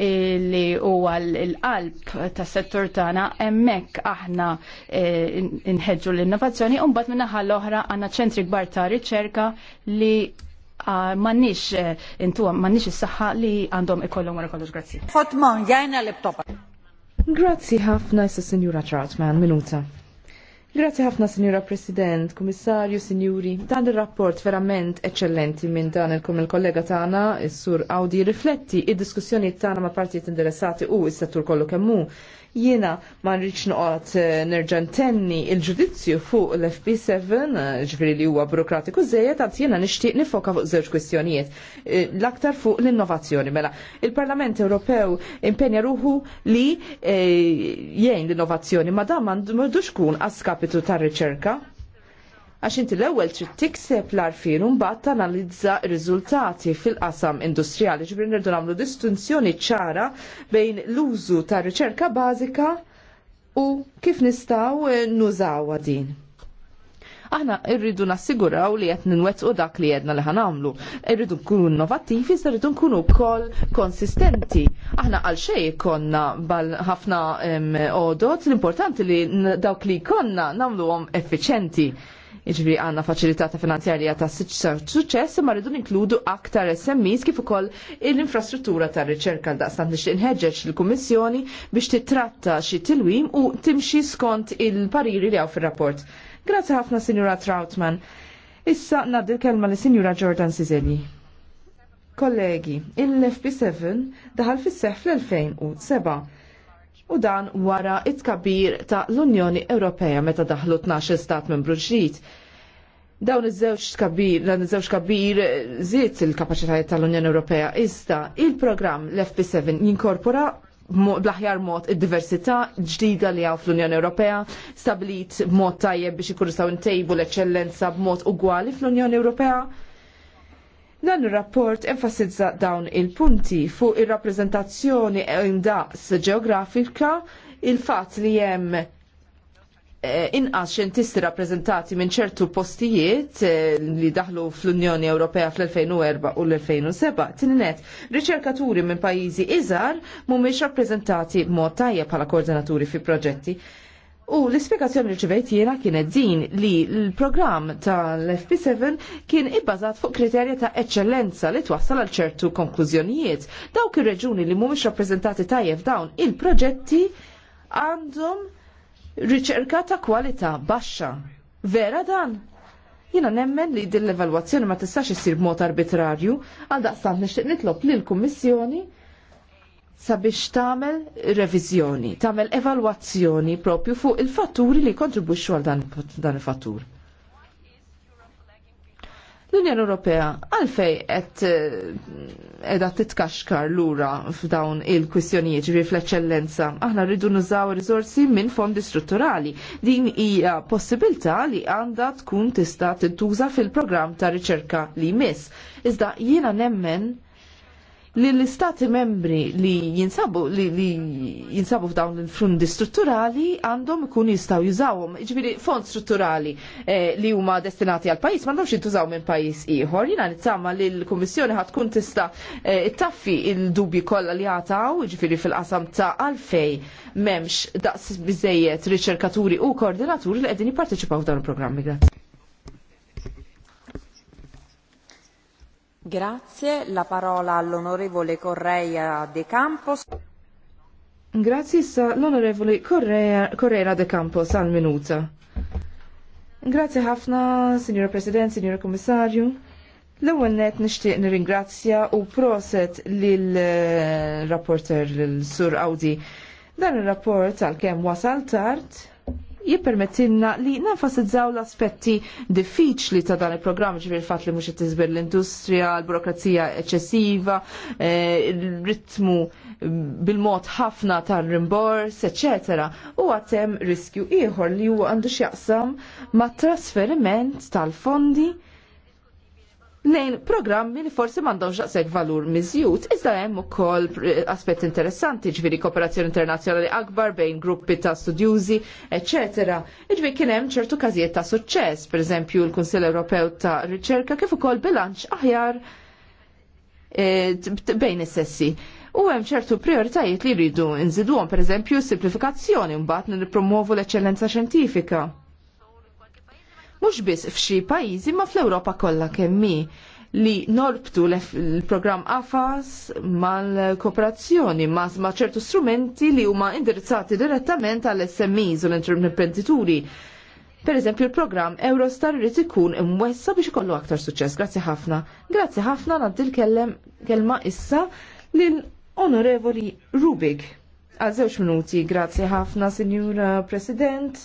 li huwa l-qalb tas-settur tagħna hemmhekk aħna eh, inħedġu l-innovazzjoni u mbagħad minnaħa l-oħra għandna ċentri kbar ta' riċerka li ah, m'għandniex eh, intuwa, m'għandniex is-saħħa li għandhom ikollhom wara kollox grazzi. Fatman, jajna l-laptop. Grazzi ħafna issa Sinjura Troutman, minuta. Grazie ħafna, Signora President, Kommissarju, Sinjuri. Dan il-rapport verament eccellenti minn dan il-kom il-kollega tagħna, is-Sur Audi, rifletti id-diskussjoni tagħna ma' partijiet interessati u s-settur kollu kemmu. Jiena ma rridx noqgħod eh, nerġa' ntenni il-ġudizzju fuq l-FP7, eh, ġifieri li huwa burokratiku żejjed, għad jiena nixtieq nifoka fuq żewġ kwistjonijiet. Eh, l-aktar fuq l-innovazzjoni mela. Il-Parlament Ewropew impenja ruħu li jgħin l-innovazzjoni ma dan m'għandux kun għaskapitu tar-riċerka għax inti l-ewwel trid tikseb l arfien u mbagħad tanalizza r-riżultati fil-qasam industrijali ġifieri nirdu nagħmlu distinzjoni ċara bejn l-użu ta' riċerka bażika u kif nistgħu eh, nużawha din aħna rridu nassiguraw li qed ninwettqu dak li jedna li ħanamlu. Irridu nkunu innovattivi, rridu nkunu wkoll konsistenti. Aħna għal xej konna bal ħafna odot, l-importanti li dawk li konna nagħmluhom effiċenti. Iġbiri għanna faċilitata finanzjarja ta' suċċess ma rridu inkludu aktar SMEs kif ukoll l-infrastruttura ta' riċerka l-daqstan nixtieq inħeġġeġ l-Kummissjoni biex titratta xi tilwim u timxi skont il-pariri li għaw fir-rapport. Grazzi ħafna Sinjura Trautman. Issa naddil kelma li Sinjura Jordan Sizeli. Kollegi, il-FP7 daħal fis-seħ fl-2007 u dan wara it-kabir ta' l-Unjoni Ewropea meta daħlu 12 stat membru ġdid. Dawn iż-żewġ kabir, dan iż-żewġ kabir żiet il-kapaċitajiet tal-Unjoni Ewropea iżda il-programm l-FP7 jinkorpora blaħjar mod id-diversità ġdida li għaw fl-Unjoni Ewropea, stabilit mod tajjeb biex ikunu saw ntejbu l-eċċellenza b'mod ugwali fl-Unjoni Ewropea Dan ir-rapport enfasizza dawn il-punti fuq ir-rappreżentazzjoni il indaqs ġeografika, il-fatt li hemm eh, inqas xjentisti rappreżentati minn ċertu postijiet eh, li daħlu fl-Unjoni Ewropea fl-2004 u l-2007, tinnet riċerkaturi minn pajjiżi iżgħar mhumiex rappreżentati b'mod tajjeb bħala koordinaturi fi proġetti. U l-ispiegazzjoni li ċivejt jiena kienet din li l-programm tal-FP7 kien ibbażat fuq kriterja ta' eccellenza li twassal għal ċertu konklużjonijiet. Dawk ir-reġuni li mhumiex rappreżentati tajjeb dawn il-proġetti għandhom riċerka ta' kwalità baxxa. Vera dan? Jina nemmen li din l-evalwazzjoni ma tistax issir b'mod arbitrarju, għal daqstant nixtieq nitlob lill kummissjoni sabiex tagħmel reviżjoni, tagħmel evalwazzjoni propju fuq il-fatturi li jkontribwixxu għal dan, il-fattur. L-Unjoni Ewropea għalfej qed qiegħda eh, titkaxkar lura f'dawn il-kwistjonijiet ġifi fl-eċċellenza. Aħna rridu nużaw riżorsi minn fondi strutturali. Din hija possibilità li għandha tkun tista' tintuża fil-programm ta' riċerka li jmiss. Iżda jiena nemmen li l-istati membri li jinsabu li, li jinsabu f'dawn il-fondi strutturali għandhom ikun jistaw jużawhom. Ġifieri fond strutturali eh, li huma destinati għal pajjiż m'għandhomx jintużaw minn pajjiż ieħor. Jiena nitsamma li l-Kummissjoni ħad tkun tista' eh, taffi il-dubji kollha li jagħtaw, jiġifieri fil-qasam ta' għalfej m'hemmx daqs biżejjed riċerkaturi u koordinaturi li qegħdin jipparteċipaw f'dawn il-programmi. Grazie. Grazie, la parola all'onorevole Correia de Campos. Grazie sa l-onorevoli Correa, Correa de Campos għal minuta. Grazie ħafna, Signora President, signor Kommissarju. L-ewwel net nixtieq nirringrazzja u proset lil eh, rapporter lil Sur Audi. Dan ir-rapport għalkemm wasal tard jippermettilna li nenfasizzaw l-aspetti diffiċli ta' dan il-programm ġifir fatt li mhux tiżber l-industrija, l-burokrazija eċċessiva, eh, ritmu mm, bil-mod ħafna tal-rimbors, eċċetera. U għatem riskju ieħor li huwa għandu x'jaqsam ma' trasferiment tal-fondi lejn programmi li forsi m'għandhomx xaqseg valur miżjud, iżda hemm ukoll aspet interessanti, ġviri kooperazzjoni internazzjonali akbar bejn gruppi ta' studjużi, ecc. Iġviri kien hemm ċertu każijiet ta' suċċess, pereżempju l-Kunsill Ewropew ta' Riċerka kif ukoll bilanċ aħjar e, bejn is-sessi. U hemm ċertu prioritajiet li rridu nżiduhom, pereżempju simplifikazzjoni mbagħad nippromovu l-eċċellenza xjentifika mhux biss f'xi pajjiżi ma fl-Ewropa kollha kemm li norbtu l-programm AFAS mal-kooperazzjoni ma' ċertu strumenti li huma indirizzati direttament għall smis u l-imprenditori. Per eżempju, il-programm Eurostar rrit ikun imwessa biex ikollu aktar suċċess. Grazzi ħafna. Grazzi ħafna naddi l-kelma issa lill-Onorevoli Rubik. Għal żewġ minuti, grazzi ħafna, Sinjura President.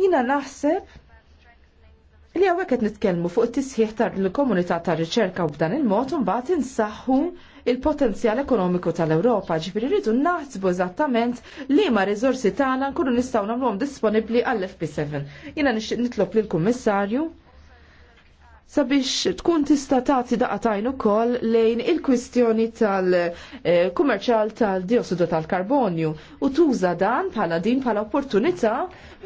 Jina naħseb li għawek qed nitkellmu fuq it-tisħiħ l komunità ta' riċerka u b'dan il-mod bat insaħħu il-potenzjal ekonomiku tal-Ewropa, ġifiri rridu naħsbu eżattament li ma rizorsi tagħna nkunu nistgħu nagħmluhom disponibbli għall-FP7. Jiena nixtieq nitlob lill-Kummissarju sabiex tkun tista tagħti daqatajn ukoll lejn il-kwistjoni tal-kummerċjal tal-diossidu tal-karbonju u tuża dan bħala din bħala opportunità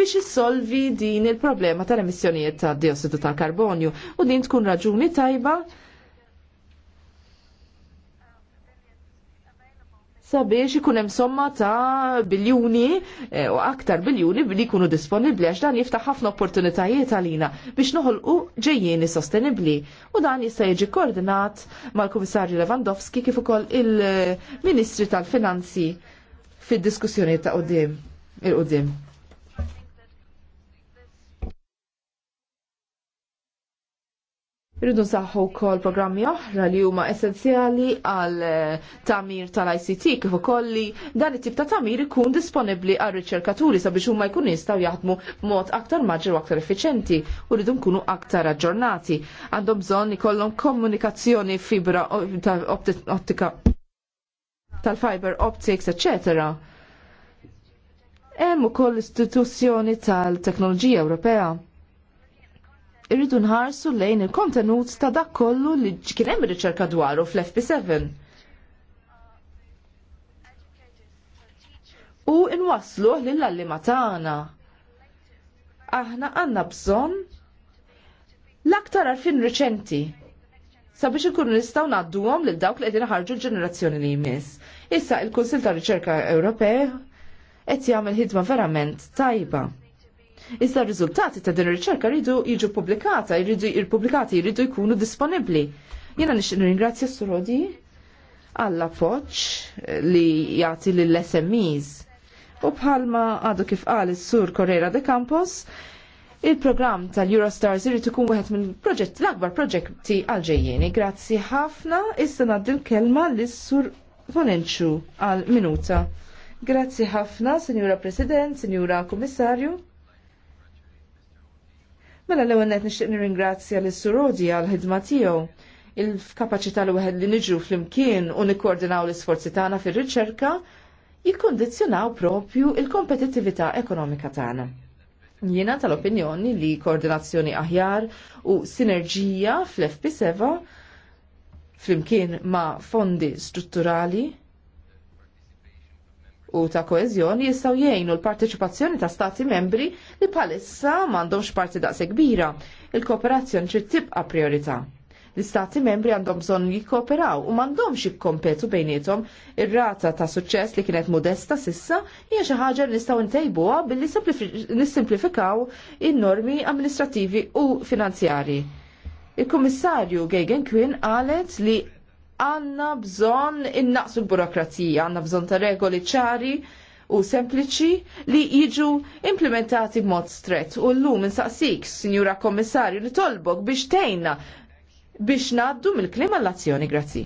biex issolvi din il-problema tal-emissjonijiet tal-diossidu tal-karbonju u din tkun raġuni tajba sabiex ikun hemm somma ta' biljuni e, u aktar biljuni billi jkunu disponibbli għax dan jiftaħ ħafna opportunitajiet għalina biex noħolqu ġejjieni sostenibbli u dan jista' jiġi koordinat mal-Kummissarju Lewandowski kif ukoll il-Ministri tal-Finanzi fid-diskussjoni ta' qudiem il-qudiem. Rridu nsaħħu wkoll programmi oħra li huma essenzjali għal eh, tamir tal-ICT kif ukoll li dan it-tip ta' tamir ikun disponibbli għal riċerkaturi sabiex huma jkun jistgħu jaħdmu b'mod aktar maġġi u aktar effiċenti u rridu nkunu aktar aġġornati. Għandhom bżonn ikollhom komunikazzjoni fibra ottika tal-fiber optics, etc. Hemm ukoll istituzzjoni tal-teknoloġija Ewropea irridu nħarsu lejn il-kontenut ta' dak kollu li kien hemm riċerka dwaru fl-FP7. U inwaslu lill-allima tagħna. Aħna għandna bżonn l-aktar għarfien riċenti sabiex ikunu nistgħu ngħadduhom lil dawk li qegħdin ħarġu l-ġenerazzjoni li jmiss. Issa il-Kunsil ta' Riċerka Ewropej qed jagħmel ħidma verament tajba. Iżda r-riżultati ta' din ir-riċerka jridu jiġu pubblikata, jridu il-pubblikati jridu jkunu disponibbli. Jiena nixtieq ringrazzja Surodi għall appoġġ li jagħti lill-SMEs. U bħalma għadu kif qal is-Sur Correra de Campos, il-programm tal-Eurostars irid ikun wieħed mill proġett l-akbar proġetti għal ġejjieni. Grazzi ħafna, issa ngħaddi l-kelma lis-Sur Fonenċu għal minuta. Grazzi ħafna, Sinjura President, Sinjura Kummissarju. Mela l-ewwel qed nixtieq nirringrazzja lis surodi għal ħidma tiegħu il-kapaċità li wieħed li niġu flimkien u nikkoordinaw l-isforzi tagħna fir-riċerka jikkondizzjonaw propju il-kompetittività ekonomika tagħna. Jiena tal-opinjoni li koordinazzjoni aħjar u sinerġija fl-FP7 flimkien ma' fondi strutturali u ta' koezjoni jistgħu jgħinu l-parteċipazzjoni ta' stati membri li bħalissa m'għandhomx parti daqse kbira. Il-kooperazzjoni ċi tibqa' priorità. L-istati membri għandhom bżonn jikkooperaw u m'għandhomx jikkompetu bejniethom ir-rata ta' suċċess li kienet modesta sissa hija xi ħaġa nistgħu ntejbuha billi nissimplifikaw in-normi amministrativi u finanzjari. Il-Kummissarju Gegen Quinn qalet li għanna bżon innaqsu l-burokrazija, għanna bżon ta' regoli ċari u sempliċi li jiġu implementati b'mod stret. U l-lum insaqsik, Sinjura Kommissarju, nitolbok biex tejna biex naddu mill-klima l-azzjoni. Grazzi.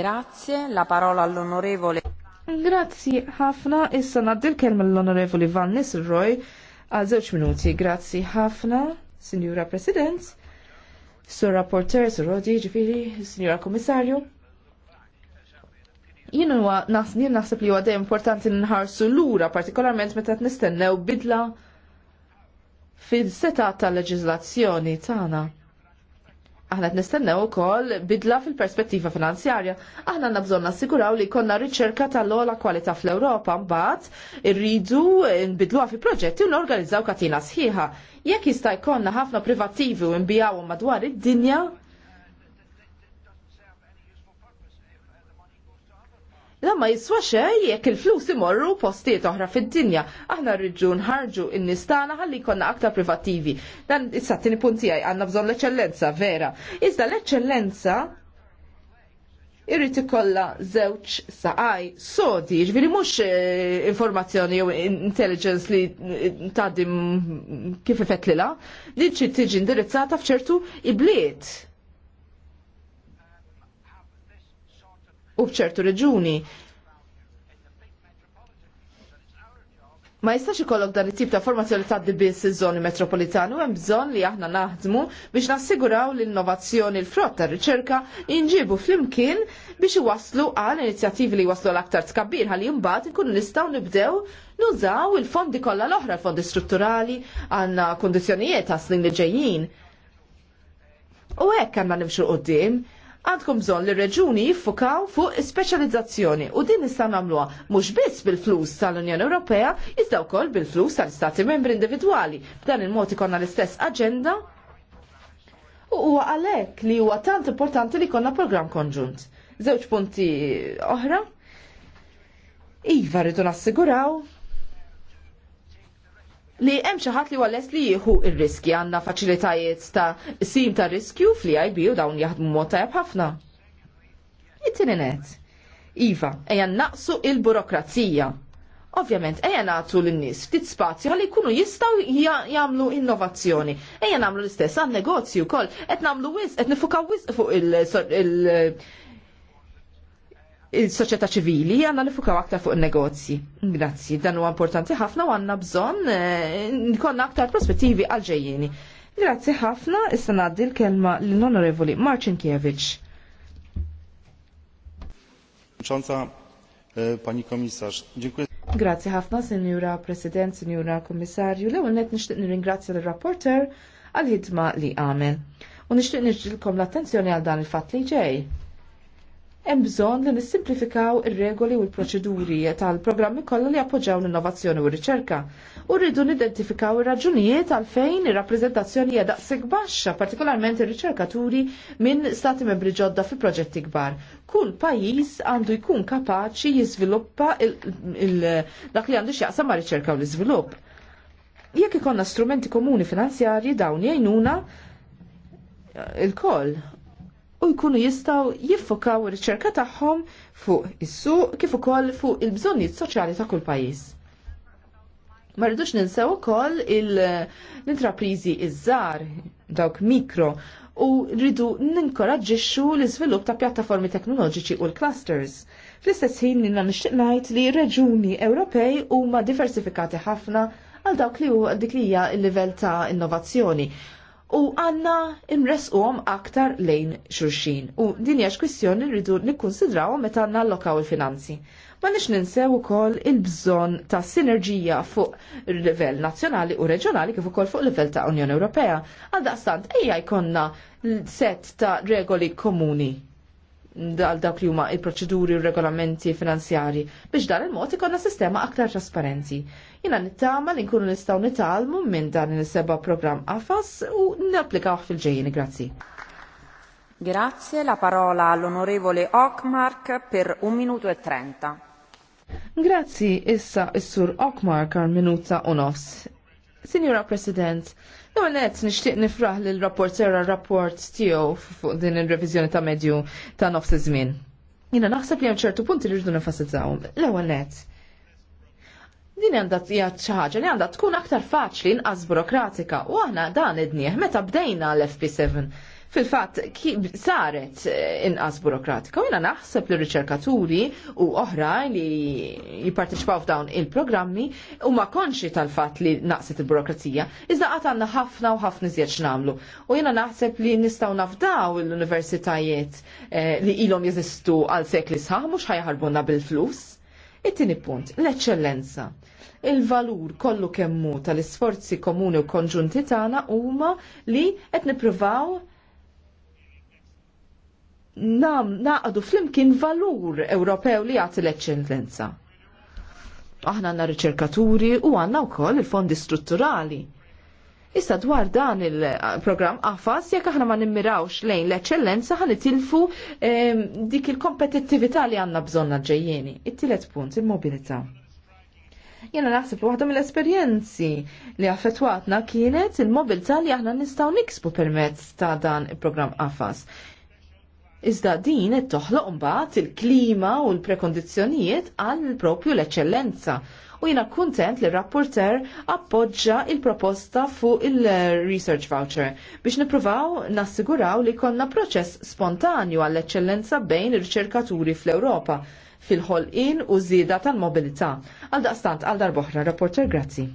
Grazie, la parola all'onorevole. Grazzi ħafna, issa naddil kelma l-onorevoli Van Roy, għal żewġ minuti. Grazzi ħafna, Signora President sur rapporter, sur rodi, ġifiri, signora komissarju. Jien huwa naħseb li huwa dejjem importanti nħarsu lura, partikolarment meta qed nistennew bidla fil-seta tal-leġiżlazzjoni tagħna aħna nistennew ukoll bidla fil-perspettiva finanzjarja. Aħna għandna nassiguraw li konna riċerka tal-ola kwalità fl-Ewropa mbagħad irridu nbidluha fi proġetti u norganizzaw katina sħiħa. Jekk jista' jkollna ħafna privattivi u nbijawhom madwar id-dinja, Dan ma jiswa xej jekk il-flus imorru postiet oħra fid-dinja. Aħna rriġu nħarġu n-nistana ħalli konna aktar privattivi. Dan issa tini punti għaj għanna bżon l-eċellenza, vera. Iżda l-eċellenza irrit ikolla żewġ saqaj sodi, ġviri mhux eh, informazzjoni jew intelligence li eh, tadim kif li din xi tiġi indirizzata f'ċertu ibliet u b'ċertu reġuni. Ma jistax ikollok dan it-tip ta' formazzjoni tgħaddi biss iż-żoni metropolitani u hemm bżonn li aħna naħdmu biex nassiguraw l-innovazzjoni l-frott tar-riċerka jinġibu flimkien biex iwasslu għal inizjattivi li waslu l-aktar tkabbir ħalli mbagħad inkunu nistgħu nibdew nużaw il-fondi kollha l-oħra, l-fondi strutturali għandna kundizzjonijiet għaslin li ġejjin. U hekk għandna nimxu qudiem, għandkom bżon li reġuni jiffukaw fuq specializzazzjoni u din nista' nagħmluha mhux biss bil-flus tal-Unjoni Ewropea, iżda wkoll bil-flus tal-Stati membri individwali. B'dan il-mod ikonna l-istess aġenda u huwa għalhekk li huwa tant importanti li konna programm konġunt. Żewġ punti oħra. Iva rridu nassiguraw li hemm xi ħadd li għalles li jieħu ir-riski għandna faċilitajiet ta' sim ta' riskju fl-IB u dawn jaħdmu mod tajjeb ħafna. it net. Iva, ejja naqsu il-burokrazija. Ovvjament, ejja nagħtu lin-nies ftit spazju għalli jkunu jistgħu jagħmlu innovazzjoni. Ejja nagħmlu l-istess għan negozju wkoll qed nagħmlu wisq qed nifukaw wisq fuq il-, il il-soċjetà ċivili għanna nifukaw aktar fuq il-negozji. Grazzi, dan huwa importanti ħafna u għanna bżon eh, nkonna aktar prospettivi għal-ġejjeni. Grazzi ħafna, issa ngħaddi l-kelma l-Onorevoli Marcin Kiewicz. Eh, pani Komisarz, dziękuję. Grazzi ħafna, Sinjura President, Sinjura Komisarju. L-ewwel net nixtieq nirringrazzja l-rapporter għal-ħidma li għamel. U nixtieq nirġilkom l-attenzjoni għal dan il-fatt li ġej hemm bżonn li nissimplifikaw ir-regoli u l-proċeduri tal-programmi kollha li appoġġjaw l-innovazzjoni u r-riċerka. U rridu nidentifikaw ir-raġunijiet għalfejn ir-rappreżentazzjoni hija daqshekk baxxa, partikolarment ir-riċerkaturi minn stati membri ġodda fi proġetti kbar. Kull pajjiż għandu jkun kapaċi jiżviluppa dak li għandu x'jaqsam ma' riċerka u l-iżvilupp. Jekk ikonna strumenti komuni finanzjarji dawn jgħinuna eh, il-koll u jkunu jistaw jiffokaw ir-riċerka tagħhom fuq is-suq kif ukoll fuq il-bżonnijiet soċjali ta' kull pajjiż. Ma rridux ninsew ukoll l-intrapriżi iż-żgħar dawk mikro u rridu ninkoraġġixxu l-iżvilupp ta' pjattaformi teknoloġiċi u l-clusters. Fl-istess ħin nina nixtieq ngħid li reġuni Ewropej huma diversifikati ħafna għal dawk li dik li hija l-livell ta' innovazzjoni u għanna imresquhom aktar lejn xurxin. U din hija kwistjoni rridu nikkonsidraw meta għandna allokaw il-finanzi. Ma nix ninsew ukoll il-bżonn ta' sinerġija fuq livell nazzjonali u reġjonali kif ukoll fuq livell ta' Unjoni Ewropea. Għaldaqstant ejja jkollna set ta' regoli komuni dal dawk li huma il-proċeduri u regolamenti finanzjari biex dan il-mod ikonna sistema aktar trasparenti. Jina nittama li nkunu nistgħu nitalmu minn dan il-seba programm AFAS u napplikawh fil-ġejjeni. Grazzi. Grazie, la parola all'onorevole Ockmark per un minuto e trenta. Grazzi, issa issur sur Ockmark għal minuta u nofs. Signora President, Donet, nishtiq nifraħ li l-rapport sera rapport tiegħu fuq din il-revizjoni ta' medju ta' nofs iż-żmien. Jiena naħseb li hemm ċertu punti li rridu nifasizzaw. L-ewwel net. Din għandha hija xi ħaġa li għandha tkun aktar faċli inqas burokratika u aħna dan id-dnieħ meta bdejna l-FP7 fil-fatt saret eh, inqas burokratika. Jena naħseb li riċerkaturi u oħra li jipparteċipaw f'dawn il-programmi u ma konxi tal-fatt li naqset il-burokrazija. Iżda għat għanna ħafna u ħafna zjeċ namlu. U jena naħseb li nistaw nafdaw l-universitajiet eh, li ilhom jeżistu għal sekli sħaħ mux ħajħarbuna bil-flus. It-tini punt, l-eċċellenza il-valur kollu kemmu tal-isforzi komuni u konġunti tagħna huma li qed nippruvaw nam naqdu flimkien valur Ewropew li jagħti l-eċċellenza. Aħna għandna riċerkaturi u għandna wkoll il-fondi strutturali. Issa dwar dan il-programm AFAS, jekk aħna ma nimmirawx lejn l-eċċellenza ħanitilfu ehm, dik il-kompetittività li għandna bżonn ġejjeni. It-tielet punt, il-mobilità. Jena naħseb waħda mill-esperjenzi li affettwatna kienet il-mobilità li aħna nistgħu niksbu permezz ta' dan il-programm AFAS Iżda din qed toħloq mbagħad il-klima u l-prekondizzjonijiet għal propju l-eċċellenza. U jiena kuntent li rapporter appoġġa il-proposta fuq il-research voucher biex nippruvaw nassiguraw li konna proċess spontanju għall-eċċellenza bejn ir-riċerkaturi fl-Ewropa fil-ħolqin u żieda tal-mobilità. Għal daqstant għal darboħra, rapporter, grazzi.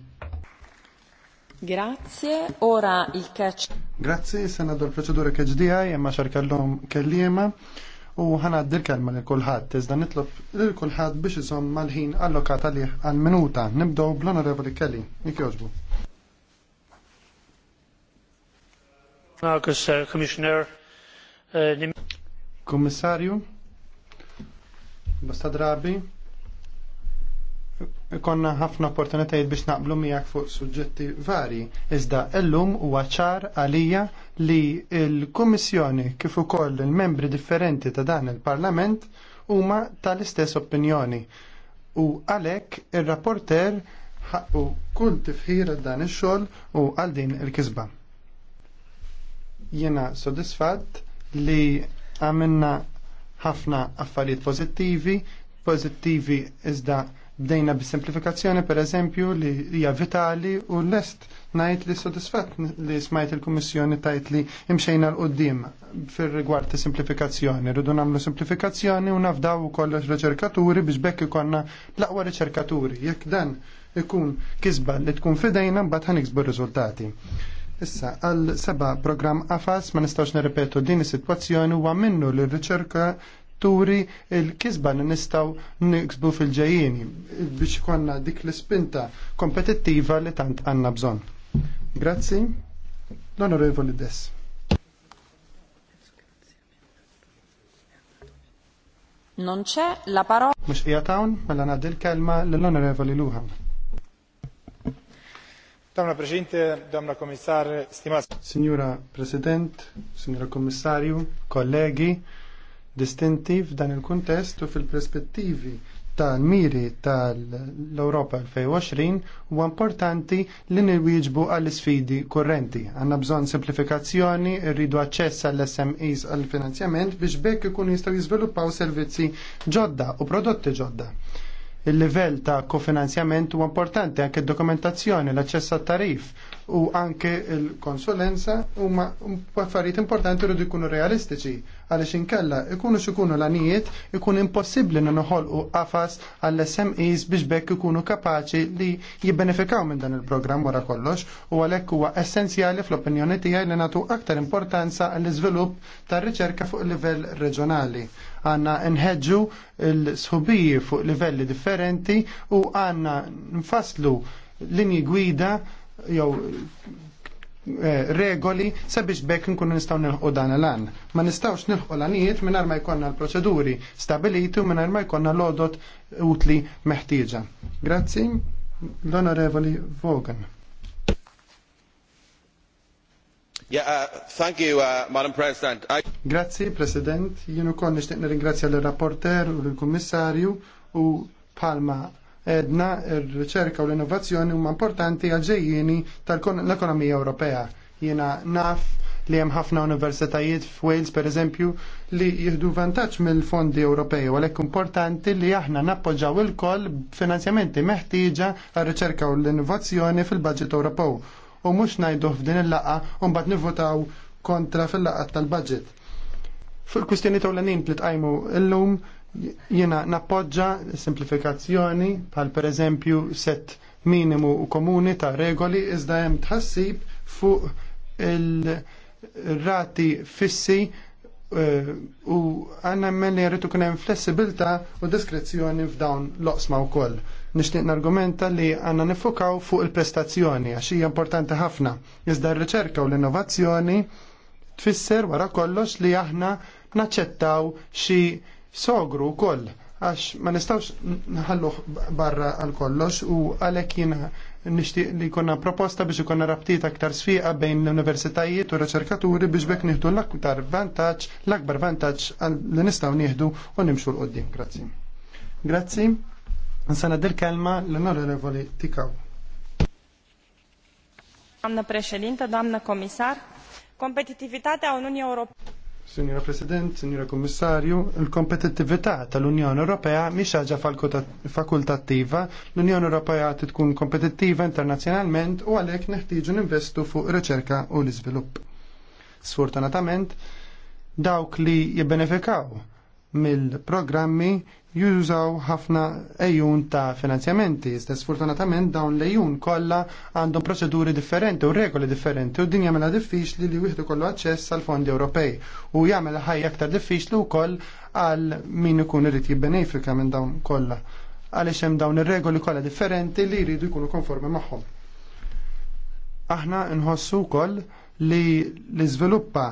Grazie, ora il catch. Grazie, senador procedura catch di ma jemma xarkallom kellima u ħana għaddir kelma li kullħat, iżda nitlob li kullħat biex isom mal-ħin allokata li għal-minuta. Nibdow bl-onorevoli Kelly, jikjoġbu. Marcus, uh, uh, Kummissarju, Kommissarju, basta drabi, konna ħafna opportunitajiet biex naqblu miegħek fuq suġġetti vari. Iżda illum huwa ċar għalija li l-Kummissjoni kif ukoll il-membri differenti ta' dan il-Parlament huma tal-istess opinjoni. U għalhekk ir-rapporter ħaqqu kull tifħir dan ix-xogħol u għal din il-kisba. Jiena sodisfatt li għamilna ħafna affarijiet pożittivi, pożittivi iżda Bdejna bis-semplifikazzjoni per eżempju li hija vitali u lest ngħid li sodisfatt li smajt il-Kummissjoni tajt li imxejna l qudiem fir-rigward ta' simplifikazzjoni. Rridu nagħmlu simplifikazzjoni u nafdaw ukoll riċerkaturi biex bekk ikonna l-aqwa riċerkaturi. Jekk dan ikun kisba li tkun fidejna mbagħad ħaniksbu r-riżultati. Issa, għal seba program AFAS ma nistawx nirripetu din is-sitwazzjoni huwa minnu li r-riċerka turi il-kisba li nistaw niksbu fil ġajjini biex konna dik l-spinta kompetittiva li tant għanna bżon. Grazzi, l-onorevoli Dess. Non c'è la parola. Mux ijatawn, mela naddi l-kelma l-onorevoli Luħan. Domna Presidente, Domna Komissar, stimati. Signora Presidente, signora Comisariu, colleghi, distinti f'dan il-kuntest u fil-perspettivi tal-miri tal-Europa 2020 huwa importanti li nirwieġbu għall sfidi kurrenti. Għanna bżon simplifikazzjoni, rridu aċċess għall smes għall finanzjament biex bekk ikun jistgħu jiżviluppaw servizzi ġodda u prodotti ġodda. Il-livell ta' kofinanzjament huwa importanti anke d-dokumentazzjoni, l-aċċess għat-tarif u anke l-konsulenza huma affarijiet importanti rridu jkunu realistiċi għaliex inkella ikunu xikunu l-anijiet ikun impossibbli li u qafas għall-SMEs biex bekk ikunu kapaċi li jibbenefikaw minn dan il-programm wara kollox u għalhekk huwa essenzjali fl-opinjoni tiegħi li nagħtu aktar importanza għall-iżvilupp tar-riċerka fuq il-livell reġjonali għanna nħedġu l-sħubiji fuq livelli differenti u għanna nfaslu linji gwida jew eh, regoli sabiex bekk nkunu nistgħu nilħu dan l-għan. Ma nistgħux nilħu l-għanijiet mingħajr ma jkollna l-proċeduri stabiliti u mingħajr ma jkollna l-odot utli meħtieġa. Grazzi, l-Onorevoli Vogan. Uh, uh, Madam President. Grazzi, President. Jien ukoll nixtieq nirringrazzja l rapporter u l-Kummissarju u palma edna r-riċerka u l-innovazzjoni huma importanti għal ġejjieni tal-ekonomija Ewropea. Jiena naf li hemm ħafna universitajiet f'Wales pereżempju li jieħdu vantaġġ mill-fondi Ewropej u għalhekk importanti li aħna nappoġġaw il-koll finanzjamenti meħtieġa għar riċerka u l-innovazzjoni fil budget Ewropew u mhux ngħidu f'din il-laqgħa u mbagħad nivvotaw kontra fil-laqgħa tal-budget. Fuq il-kwistjoni tewlenin li tqajmu l-lum jiena nappoġġa simplifikazzjoni bħal pereżempju set minimu u komuni ta' regoli iżda hemm tħassib fuq il-rati fissi Eh, u għanna mmen li rritu kunem flessibilta u diskrezzjoni f'dawn loqsma u koll. Nishtiq argumenta li għanna nifukaw fuq il-prestazzjoni, għax hija importanti ħafna. Iżda r-riċerka u l-innovazzjoni tfisser wara kollox li aħna naċċettaw xi sogru wkoll għax ma nistawx nħalluh barra għal kollox u għalhekk jina nixtieq li jkollna proposta biex ikonna rabtiet aktar sfiqa bejn l-universitajiet u riċerkaturi biex bekk nieħdu l-aktar vantaġġ, l-akbar vantaġġ li nistgħu nieħdu u nimxu l qoddim Grazzi. Grazzi. Nsana dil kelma l-onorevoli Tikaw. Doamnă președintă, doamnă comisar, competitivitatea Uniunii Europene Signora President, Signora Kommissarju, il-kompetittività tal-Unjoni Ewropea mhix ħaġa fakultattiva. L-Unjoni Ewropea tkun kompetittiva internazzjonalment u għalhekk neħtieġu ninvestu fuq riċerka u l-iżvilupp. Sfortunatament, dawk li jibbenefikaw mill-programmi jużaw ħafna ejjun ta' finanzjamenti. Iżda sfortunatament dawn l-ejjun kollha għandhom proċeduri differenti u regoli differenti u din jagħmilha diffiċli li wieħdu kollu aċċess għal fondi Ewropej u jagħmel ħajja aktar diffiċli wkoll għal min ikun irid jibbenefika minn dawn kollha għaliex hemm dawn ir-regoli kollha differenti li jridu jkunu konformi magħhom. Aħna nħossu wkoll li l-iżviluppa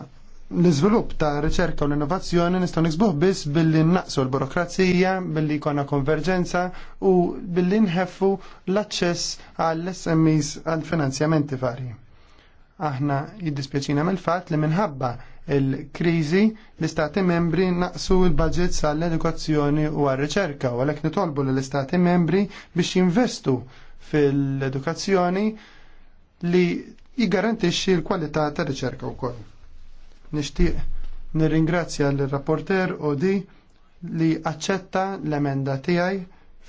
l izvilup ta' riċerka u l-innovazzjoni nistgħu nisbuħ biss billi naqsu l-burokrazija, billi jkollna konverġenza u billi nħeffu l-aċċess għall-SMEs għall finanzjamenti varji. Aħna jiddispjaċina mill-fatt li minħabba il-kriżi l-istati membri naqsu l-budgets għall-edukazzjoni u għall-riċerka u għalhekk nitolbu l-istati membri biex jinvestu fil-edukazzjoni li jiggarantixxi l-kwalità tar-riċerka wkoll. Nixtieq nirringrazzja l-rapporter Odi li aċċetta l-emenda tiegħi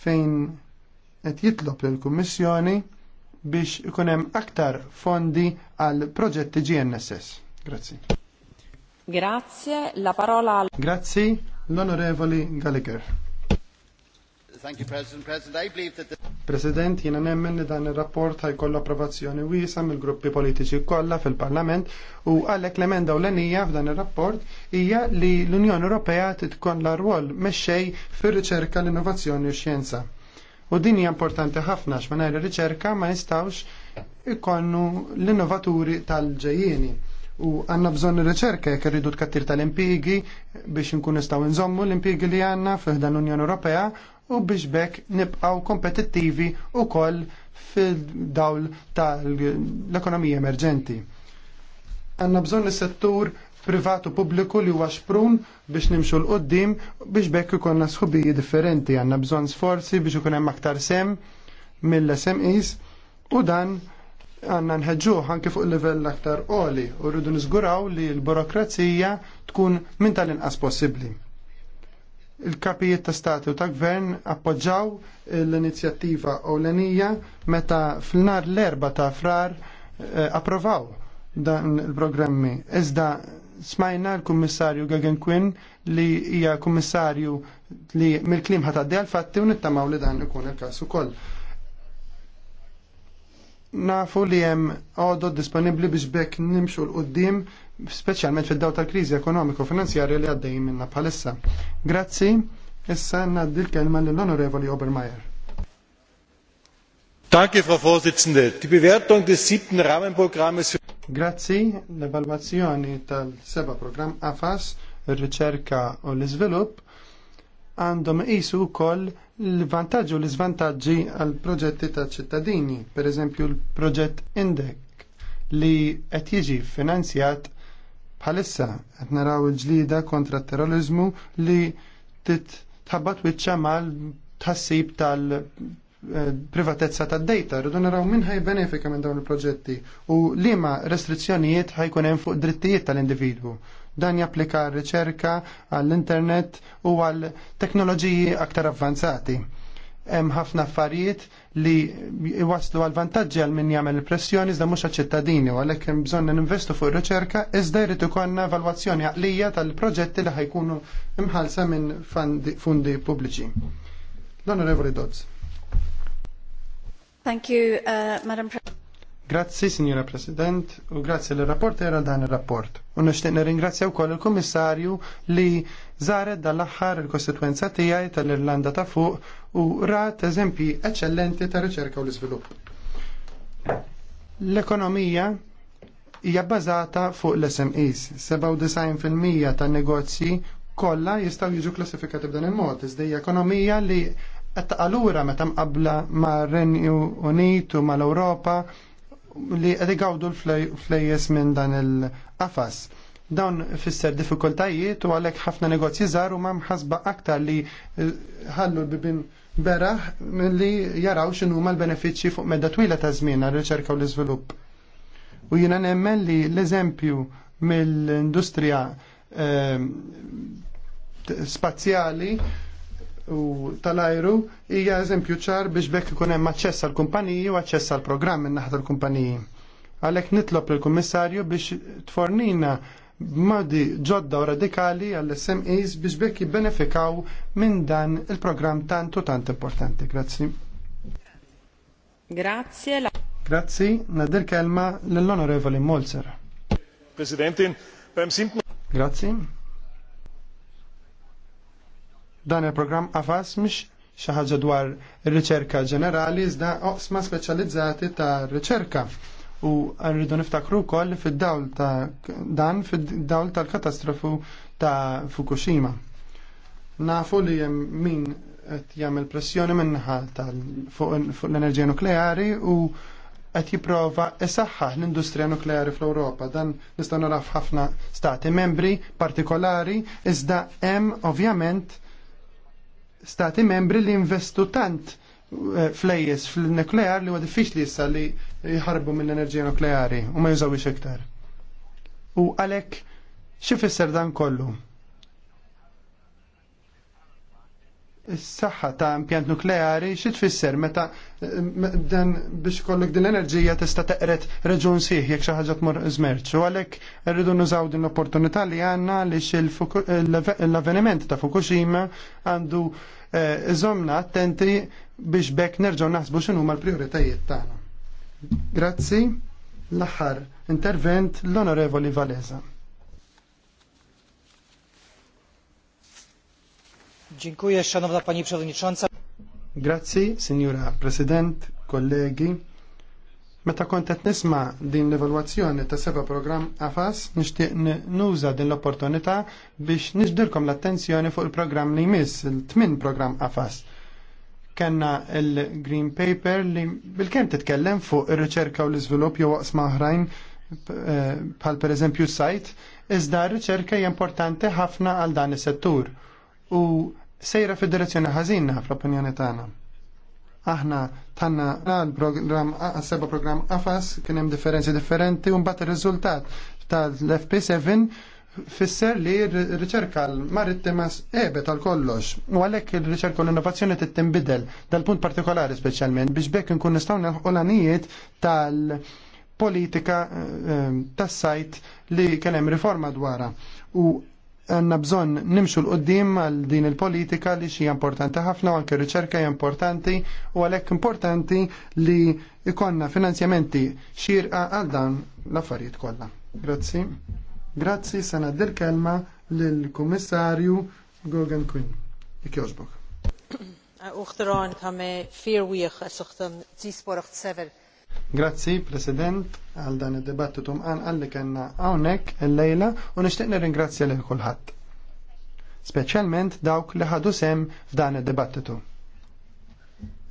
fejn qed jitlob lill-Kummissjoni biex ikun hemm aktar fondi għal proġetti GNSS. Grazzi. Grazie, la parola al... Grazie, l'onorevoli Gallagher. President. jina nemmen li dan il-rapport ħajkollu approvazzjoni wiesa mill-gruppi politiċi kollha fil-Parlament u għalhekk l-emenda l l-enija f'dan ir-rapport hija li l-Unjoni Ewropea titkollha rwol mexxej fir-riċerka l-innovazzjoni u x-xjenza. U din hija importanti ħafna x'mingħajr ir-riċerka ma jistawx ikonnu l-innovaturi tal-ġejjieni. U għanna bżonn riċerka jekk rridu tkattir tal-impigi biex nkun nistaw nżommu l-impigi li għandna fih dan l-Unjoni Ewropea u biex bekk nibqaw kompetittivi u koll fil-dawl tal-ekonomija emerġenti. Għanna bżon is-settur privatu pubbliku li huwa xprun biex nimxu l-qoddim biex bekk ikonna sħubiji differenti għanna bżon sforzi biex ikun hemm aktar sem mill-SMEs u dan għanna nħedġu anke fuq livell aktar qoli u rridu niżguraw li l-burokrazija tkun minn tal-inqas possibbli il-kapijiet ta' stati u ta' gvern appoġġaw l-inizjattiva u l-enija meta fl-nar l-erba ta' frar eh, approvaw dan il-programmi. Iżda smajna l-kummissarju Gagan Quinn li hija kummissarju li mill-klim għaddi għal-fatti u nittamaw li dan ikun il-kas ukoll nafu li jem għodod disponibli biex bekk nimxu l-qoddim specialment fil-daw tal-krizi ekonomiku finanzjarja li għaddej minna bħalissa. Grazzi, issa naddil kelma l-Onorevoli Obermeier. Danke, Frau Vorsitzende. Die Bewertung des siebten Rahmenprogrammes. Grazzi, l-evalvazzjoni tal-seba program AFAS, il-riċerka u l izvilup għandhom isu kol l-vantagġu u l-izvantagġi għal proġetti ta' ċittadini, per eżempju l-proġett Indek li qed jiġi finanzjat Bħalissa qed naraw il-ġlida kontra t-terrorizmu li tħabbat wiċċa mal tħassib tal-privatezza eh, tad data Rridu naraw min ħaj benefika minn dawn il-proġetti u liema restrizzjonijiet ħajkun hemm fuq drittijiet tal-individwu. Dan japplika r-riċerka għall-internet u għall teknoloġiji aktar avvanzati hemm ħafna affarijiet li waslu għal vantaġġi għal min jagħmel il-pressjoni iżda mhux għaċ-ċittadini u għalhekk hemm bżonn ninvestu fuq ir-riċerka iżda jrid ikollna evalwazzjoni għaqlija tal-proġetti li ħajkunu imħalsa minn fundi pubbliċi. L-Onorevoli Dodds. Thank you, uh, Madam President. Grazzi, Signora President, u grazzi l-rapporter għal dan il-rapport. U nishtiq nirringrazzja wkoll il-Kummissarju li żaret dal-aħħar il-kostituenza tiegħi tal-Irlanda ta' fuq u rat eżempji eċċellenti ta' riċerka u l-iżvilupp. L-ekonomija hija bbażata fuq l-SMEs. 97% tan-negozji kollha jistgħu jiġu klassifikati b'dan il-mod, iżda hija ekonomija li qed allura meta mqabbla mar-Renju Unit u mal-Ewropa li għed għawdu l-flejjes minn dan il-qafas. Dawn fisser diffikultajiet u għalek ħafna negozji zaru ma mħasba aktar li ħallu l-bibin beraħ li jaraw xinu ma l-benefiċi fuq medda twila ta' żmien għal riċerka u l izvilup U jina nemmen li l-eżempju mill-industrija ehm, spazjali u tal-ajru hija eżempju ċar biex bekk ikun hemm aċċess għall kumpaniji u aċċess għall programm minn naħa tal-kumpaniji. Għalhekk nitlob lill-Kummissarju biex tfornina b'modi ġodda u radikali għall-SMEs biex bekk jibbenefikaw minn dan il-programm tant u tant importanti. Grazzi. Grazie. La... Grazzi, nadir kelma l-Onorevoli Molzer. Presidentin, beim simten... Grazie. Dan il-programm għafas mhix xi ħaġa dwar ir-riċerka ġenerali iżda oqsma speċjalizzati ta' riċerka. U rridu niftakru wkoll fid-dawl ta' dan fid-dawl tal-katastrofu ta' Fukushima. Nafu li hemm min qed jagħmel pressjoni minnaħa fuq l-enerġija nukleari u qed jipprova isaħħaħ l-industrija nukleari fl-Ewropa. Dan nistgħu naraf ħafna stati membri partikolari iżda hemm ovvjament stati membri li investu tant eh, flejjes fil-nuklear li huwa diffiċli issa li jħarbu mill-enerġija nukleari u ma jużawix iktar. U għalhekk xi fisser dan kollu? s-saħħa ta' impjant nukleari xi tfisser meta dan biex kollok din l-enerġija tista' teqret reġun sieħ jekk xi ħaġa tmur żmerċ. U għalhekk irridu nużaw din l-opportunità li għandna għaliex l-avveniment ta' Fukushima għandu eh, iżomna attenti biex bekk nerġgħu naħsbu x'inhuma l-prijoritajiet tagħna. Grazzi. L-aħħar intervent l-Onorevoli Valeza. Dziękuję, szanowna pani przewodnicząca. Grazzi, signora President, kollegi. Meta kont qed nisma' din l-evalwazzjoni ta' seba' programm AFAS, nixtieq nuża din l-opportunità biex nixdilkom l-attenzjoni fuq il-programm li jmiss, il-tmin programm AFAS. Kenna il-Green Paper li bil-kem titkellem fuq ir-riċerka u l-iżvilupp jew waqsma oħrajn eh, bħal pereżempju s-sajt, iżda r-riċerka hija importanti ħafna għal dan is-settur. U sejra fid-direzzjoni fl-opinjoni tagħna. Aħna tanna l-programm seba programm AFAS kien hemm differenzi differenti u mbagħad ir-riżultat tal-FP7 fisser li r-riċerka l-marittima ebet għal kollox. U għalek il-riċerka l-innovazzjoni tittimbidel dal-punt partikolari specialment biex bekk nkun nistaw l-anijiet tal-politika eh, eh, tas-sajt li kienem riforma dwara. U għanna bżon nimxu l-qoddim għal din il-politika li xi importanti ħafna u anke riċerka importanti u għalhekk importanti li ikonna finanzjamenti xirqa għal dan l-affarijiet kollha. Grazzi. Grazzi sena dir kelma lill-Kummissarju Gogan Quinn. Ik jożbok. Uħtaran kame firwieħ għasuħtan tisporaħt sever Grazzi, President, għal dan id-dibattitu mqan għalli kena għawnek il-lejla u nishtiqni ringrazzja li kulħadd. Speċjalment dawk li ħadu sem f'dan id-dibattitu.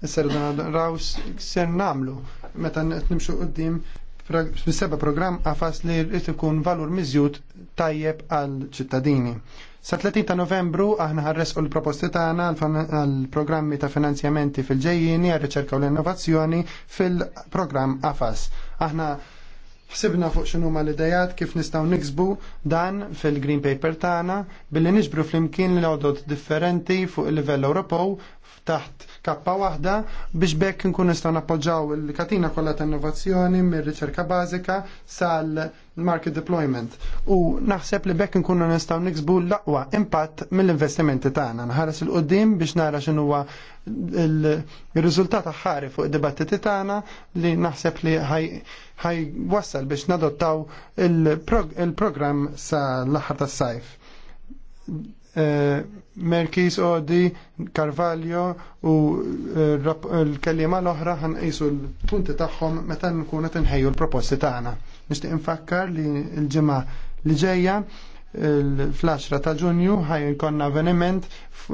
Issa dan naraw ser namlu meta nimxu qudiem seba program għafas li jrid ikun valur miżjud tajjeb għal ċittadini. Sa 30 ta' novembru aħna ħarres u l-proposti tagħna għall-programmi ta' finanzjamenti fil-ġejjini għal riċerka u l-innovazzjoni fil-programm AFAS. Aħna ħsibna fuq xinu ma l-idejat kif nistaw niksbu dan fil-Green Paper tagħna billi niġbru flimkien l-għodot differenti fuq il-livell Ewropew taħt kappa waħda biex bekk nkun nistaw nappoġġaw il-katina kollha ta' innovazzjoni mir-riċerka bażika sal-market deployment. U naħseb li bekk nkunu nistgħu niksbu l-aqwa impatt mill-investimenti tagħna. Nħares il-qudiem biex nara x'inhuwa il-riżultat ħari fuq id-dibattiti tagħna li naħseb li ħaj ħaj wassal biex nadottaw il-programm sa l-aħħar tas-sajf. Eh, Merkis Odi, Carvalho u eh, l-kellima l-oħra ħan isu l-punti tagħhom meta nkunu tinħejju l-proposti tagħna. Nixtieq infakkar li l-ġimgħa li ġejja fl-10 ta' ġunju ħajn konna avveniment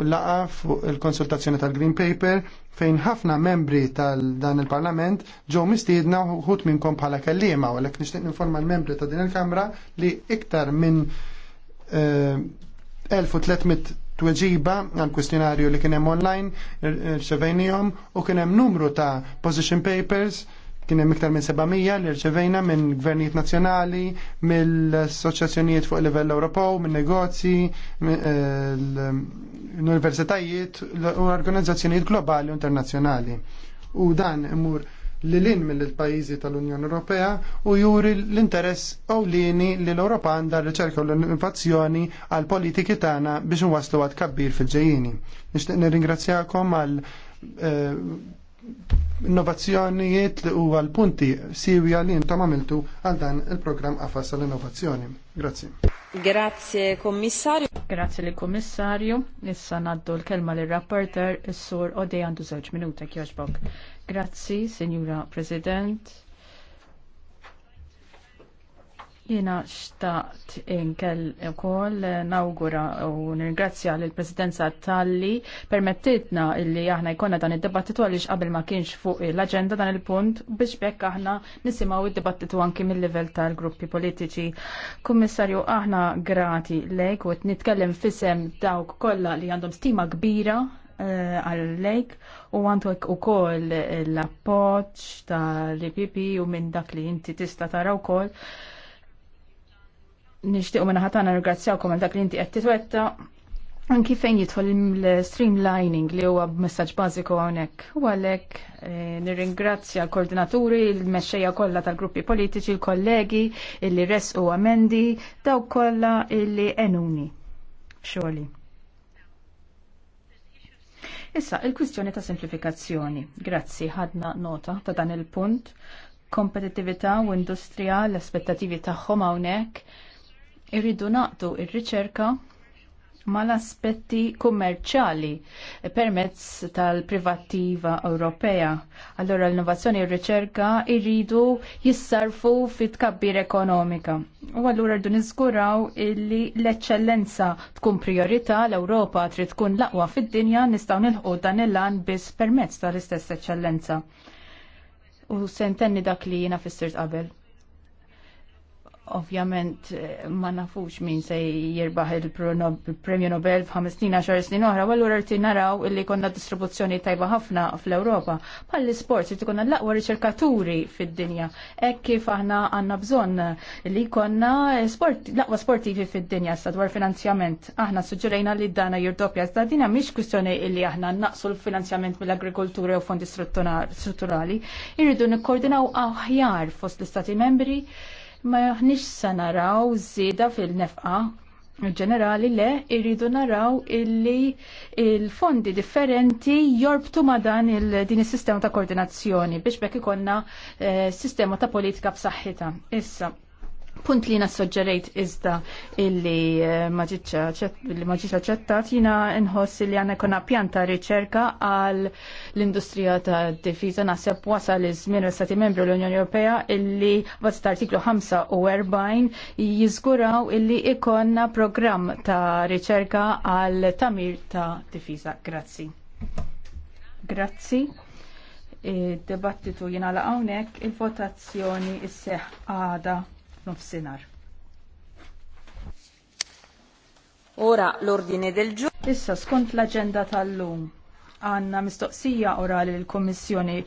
laqa fuq il-konsultazzjoni tal-Green Paper fejn ħafna membri tal-dan il-Parlament ġew mistiedna uħut minnkom bħala kellima u għalhekk nixtieq informa l-membri ta' din il-Kamra li iktar minn 1300 eh, tweġiba għal kwestjonarju li kien hemm online rċevejnihom u kien hemm numru ta' position papers Kien hemm iktar minn 700 li rċevejna minn gvernijiet nazzjonali, mill-assoċjazzjonijiet fuq livell Ewropew, minn negozji, eh, l-universitajiet u organizzazzjonijiet globali u internazzjonali. U dan imur lilin mill-pajjiżi tal-Unjoni Ewropea u juri l-interess ewlieni li l-Ewropa għandha r-riċerka u l-innovazzjoni għal politiki tagħna biex nwaslu għad kabbir fil-ġejjini. Nixtieq nirringrazzjakom għal eh, innovazzjonijiet li huwa l-punti siwja li intom għamiltu għal dan il-programm għafas l-innovazzjoni. Grazzi. Grazie kommissarju. Grazie li kommissarju. Issa naddu l-kelma li rapporter is-sur Odej għandu żewġ minuta kjoġbok. Grazzi, Signora President Jena xtaqt inkell ukoll nawgura u nirgrazzja l presidenza tal-li permettitna illi aħna jkonna dan id debattitu għaliex qabel ma kienx fuq l-agenda dan il-punt biex bekk aħna nisimgħu il dibattitu anki mill-livell tal-gruppi politiċi. Kummissarju, aħna grati lejk u nitkellem fisem dawk kollha li għandhom stima kbira eh, għal-lejk u għandek u koll l-appoċ tal-IPP u minn dak li inti tista taraw u koll u minna ħatana ringrazzjawkom għal dak li inti qed titwetta. Anki fejn jidħol il-streamlining li huwa b'messaġġ bażiku hawnhekk. U għalhekk eh, nirringrazzja l-koordinaturi, l-mexxejja kollha tal-gruppi politiċi, l-kollegi illi resqu amendi, dawk kollha illi enuni xogħli. Issa, il-kwistjoni ta' simplifikazzjoni. Grazzi, ħadna nota ta' dan il-punt. Kompetittività u industrija, l-aspettativi tagħhom hawnhekk irridu naqtu ir-riċerka mal-aspetti kummerċali permezz tal-privattiva Ewropea. Allora l-innovazzjoni u r-riċerka irridu jissarfu fit tkabbir ekonomika. U allura rridu niżguraw illi l-eċċellenza tkun priorità l-Ewropa trid tkun l-aqwa fid-dinja nistgħu nilħu dan il-lan biss permezz tal-istess eċċellenza. U sentenni dak li jiena fissirt qabel. Ovvjament eh, ma nafux min se jirbaħ il-premju Nobel f'ħames snin għaxar snin oħra, u allura rti naraw illi konna distribuzzjoni tajba ħafna fl-Ewropa. Palli sport rti konna l-aqwa riċerkaturi fid-dinja. Ek kif aħna għanna bżon li konna sport, l-aqwa sportivi fid-dinja sa dwar finanzjament. Aħna suġġerejna li dana jirdopja, sta dina miex kwistjoni illi aħna naqsu l-finanzjament mill-agrikoltura u fondi strutturali. Irridu nikkoordinaw aħjar fost l-istati membri ma jaħnix sa naraw żieda fil-nefqa ġenerali le irridu naraw illi il-fondi differenti jorbtu ma dan il-din is-sistema ta' koordinazzjoni biex bekk ikonna eh, sistema ta' politika b'saħħita. Issa, punt li nassoġġerejt iżda illi eh, maġiċa ċettat jina nħoss li għanna kuna pjanta riċerka għal l-industrija ta' difiza nasib wasal iż-żmien l-Stati membru l-Unjoni Ewropea illi bazz artiklu 5 u 40 jizguraw illi ikonna program ta' riċerka għal tamir ta' difiza. Grazzi. Grazzi eh, id-debattitu jina hawnhekk il-votazzjoni is-seħ għada f'nofsinhar. Ora l-ordine del giorno. Issa skont l-agenda tal-lum għanna mistoqsija orali l-Kommissjoni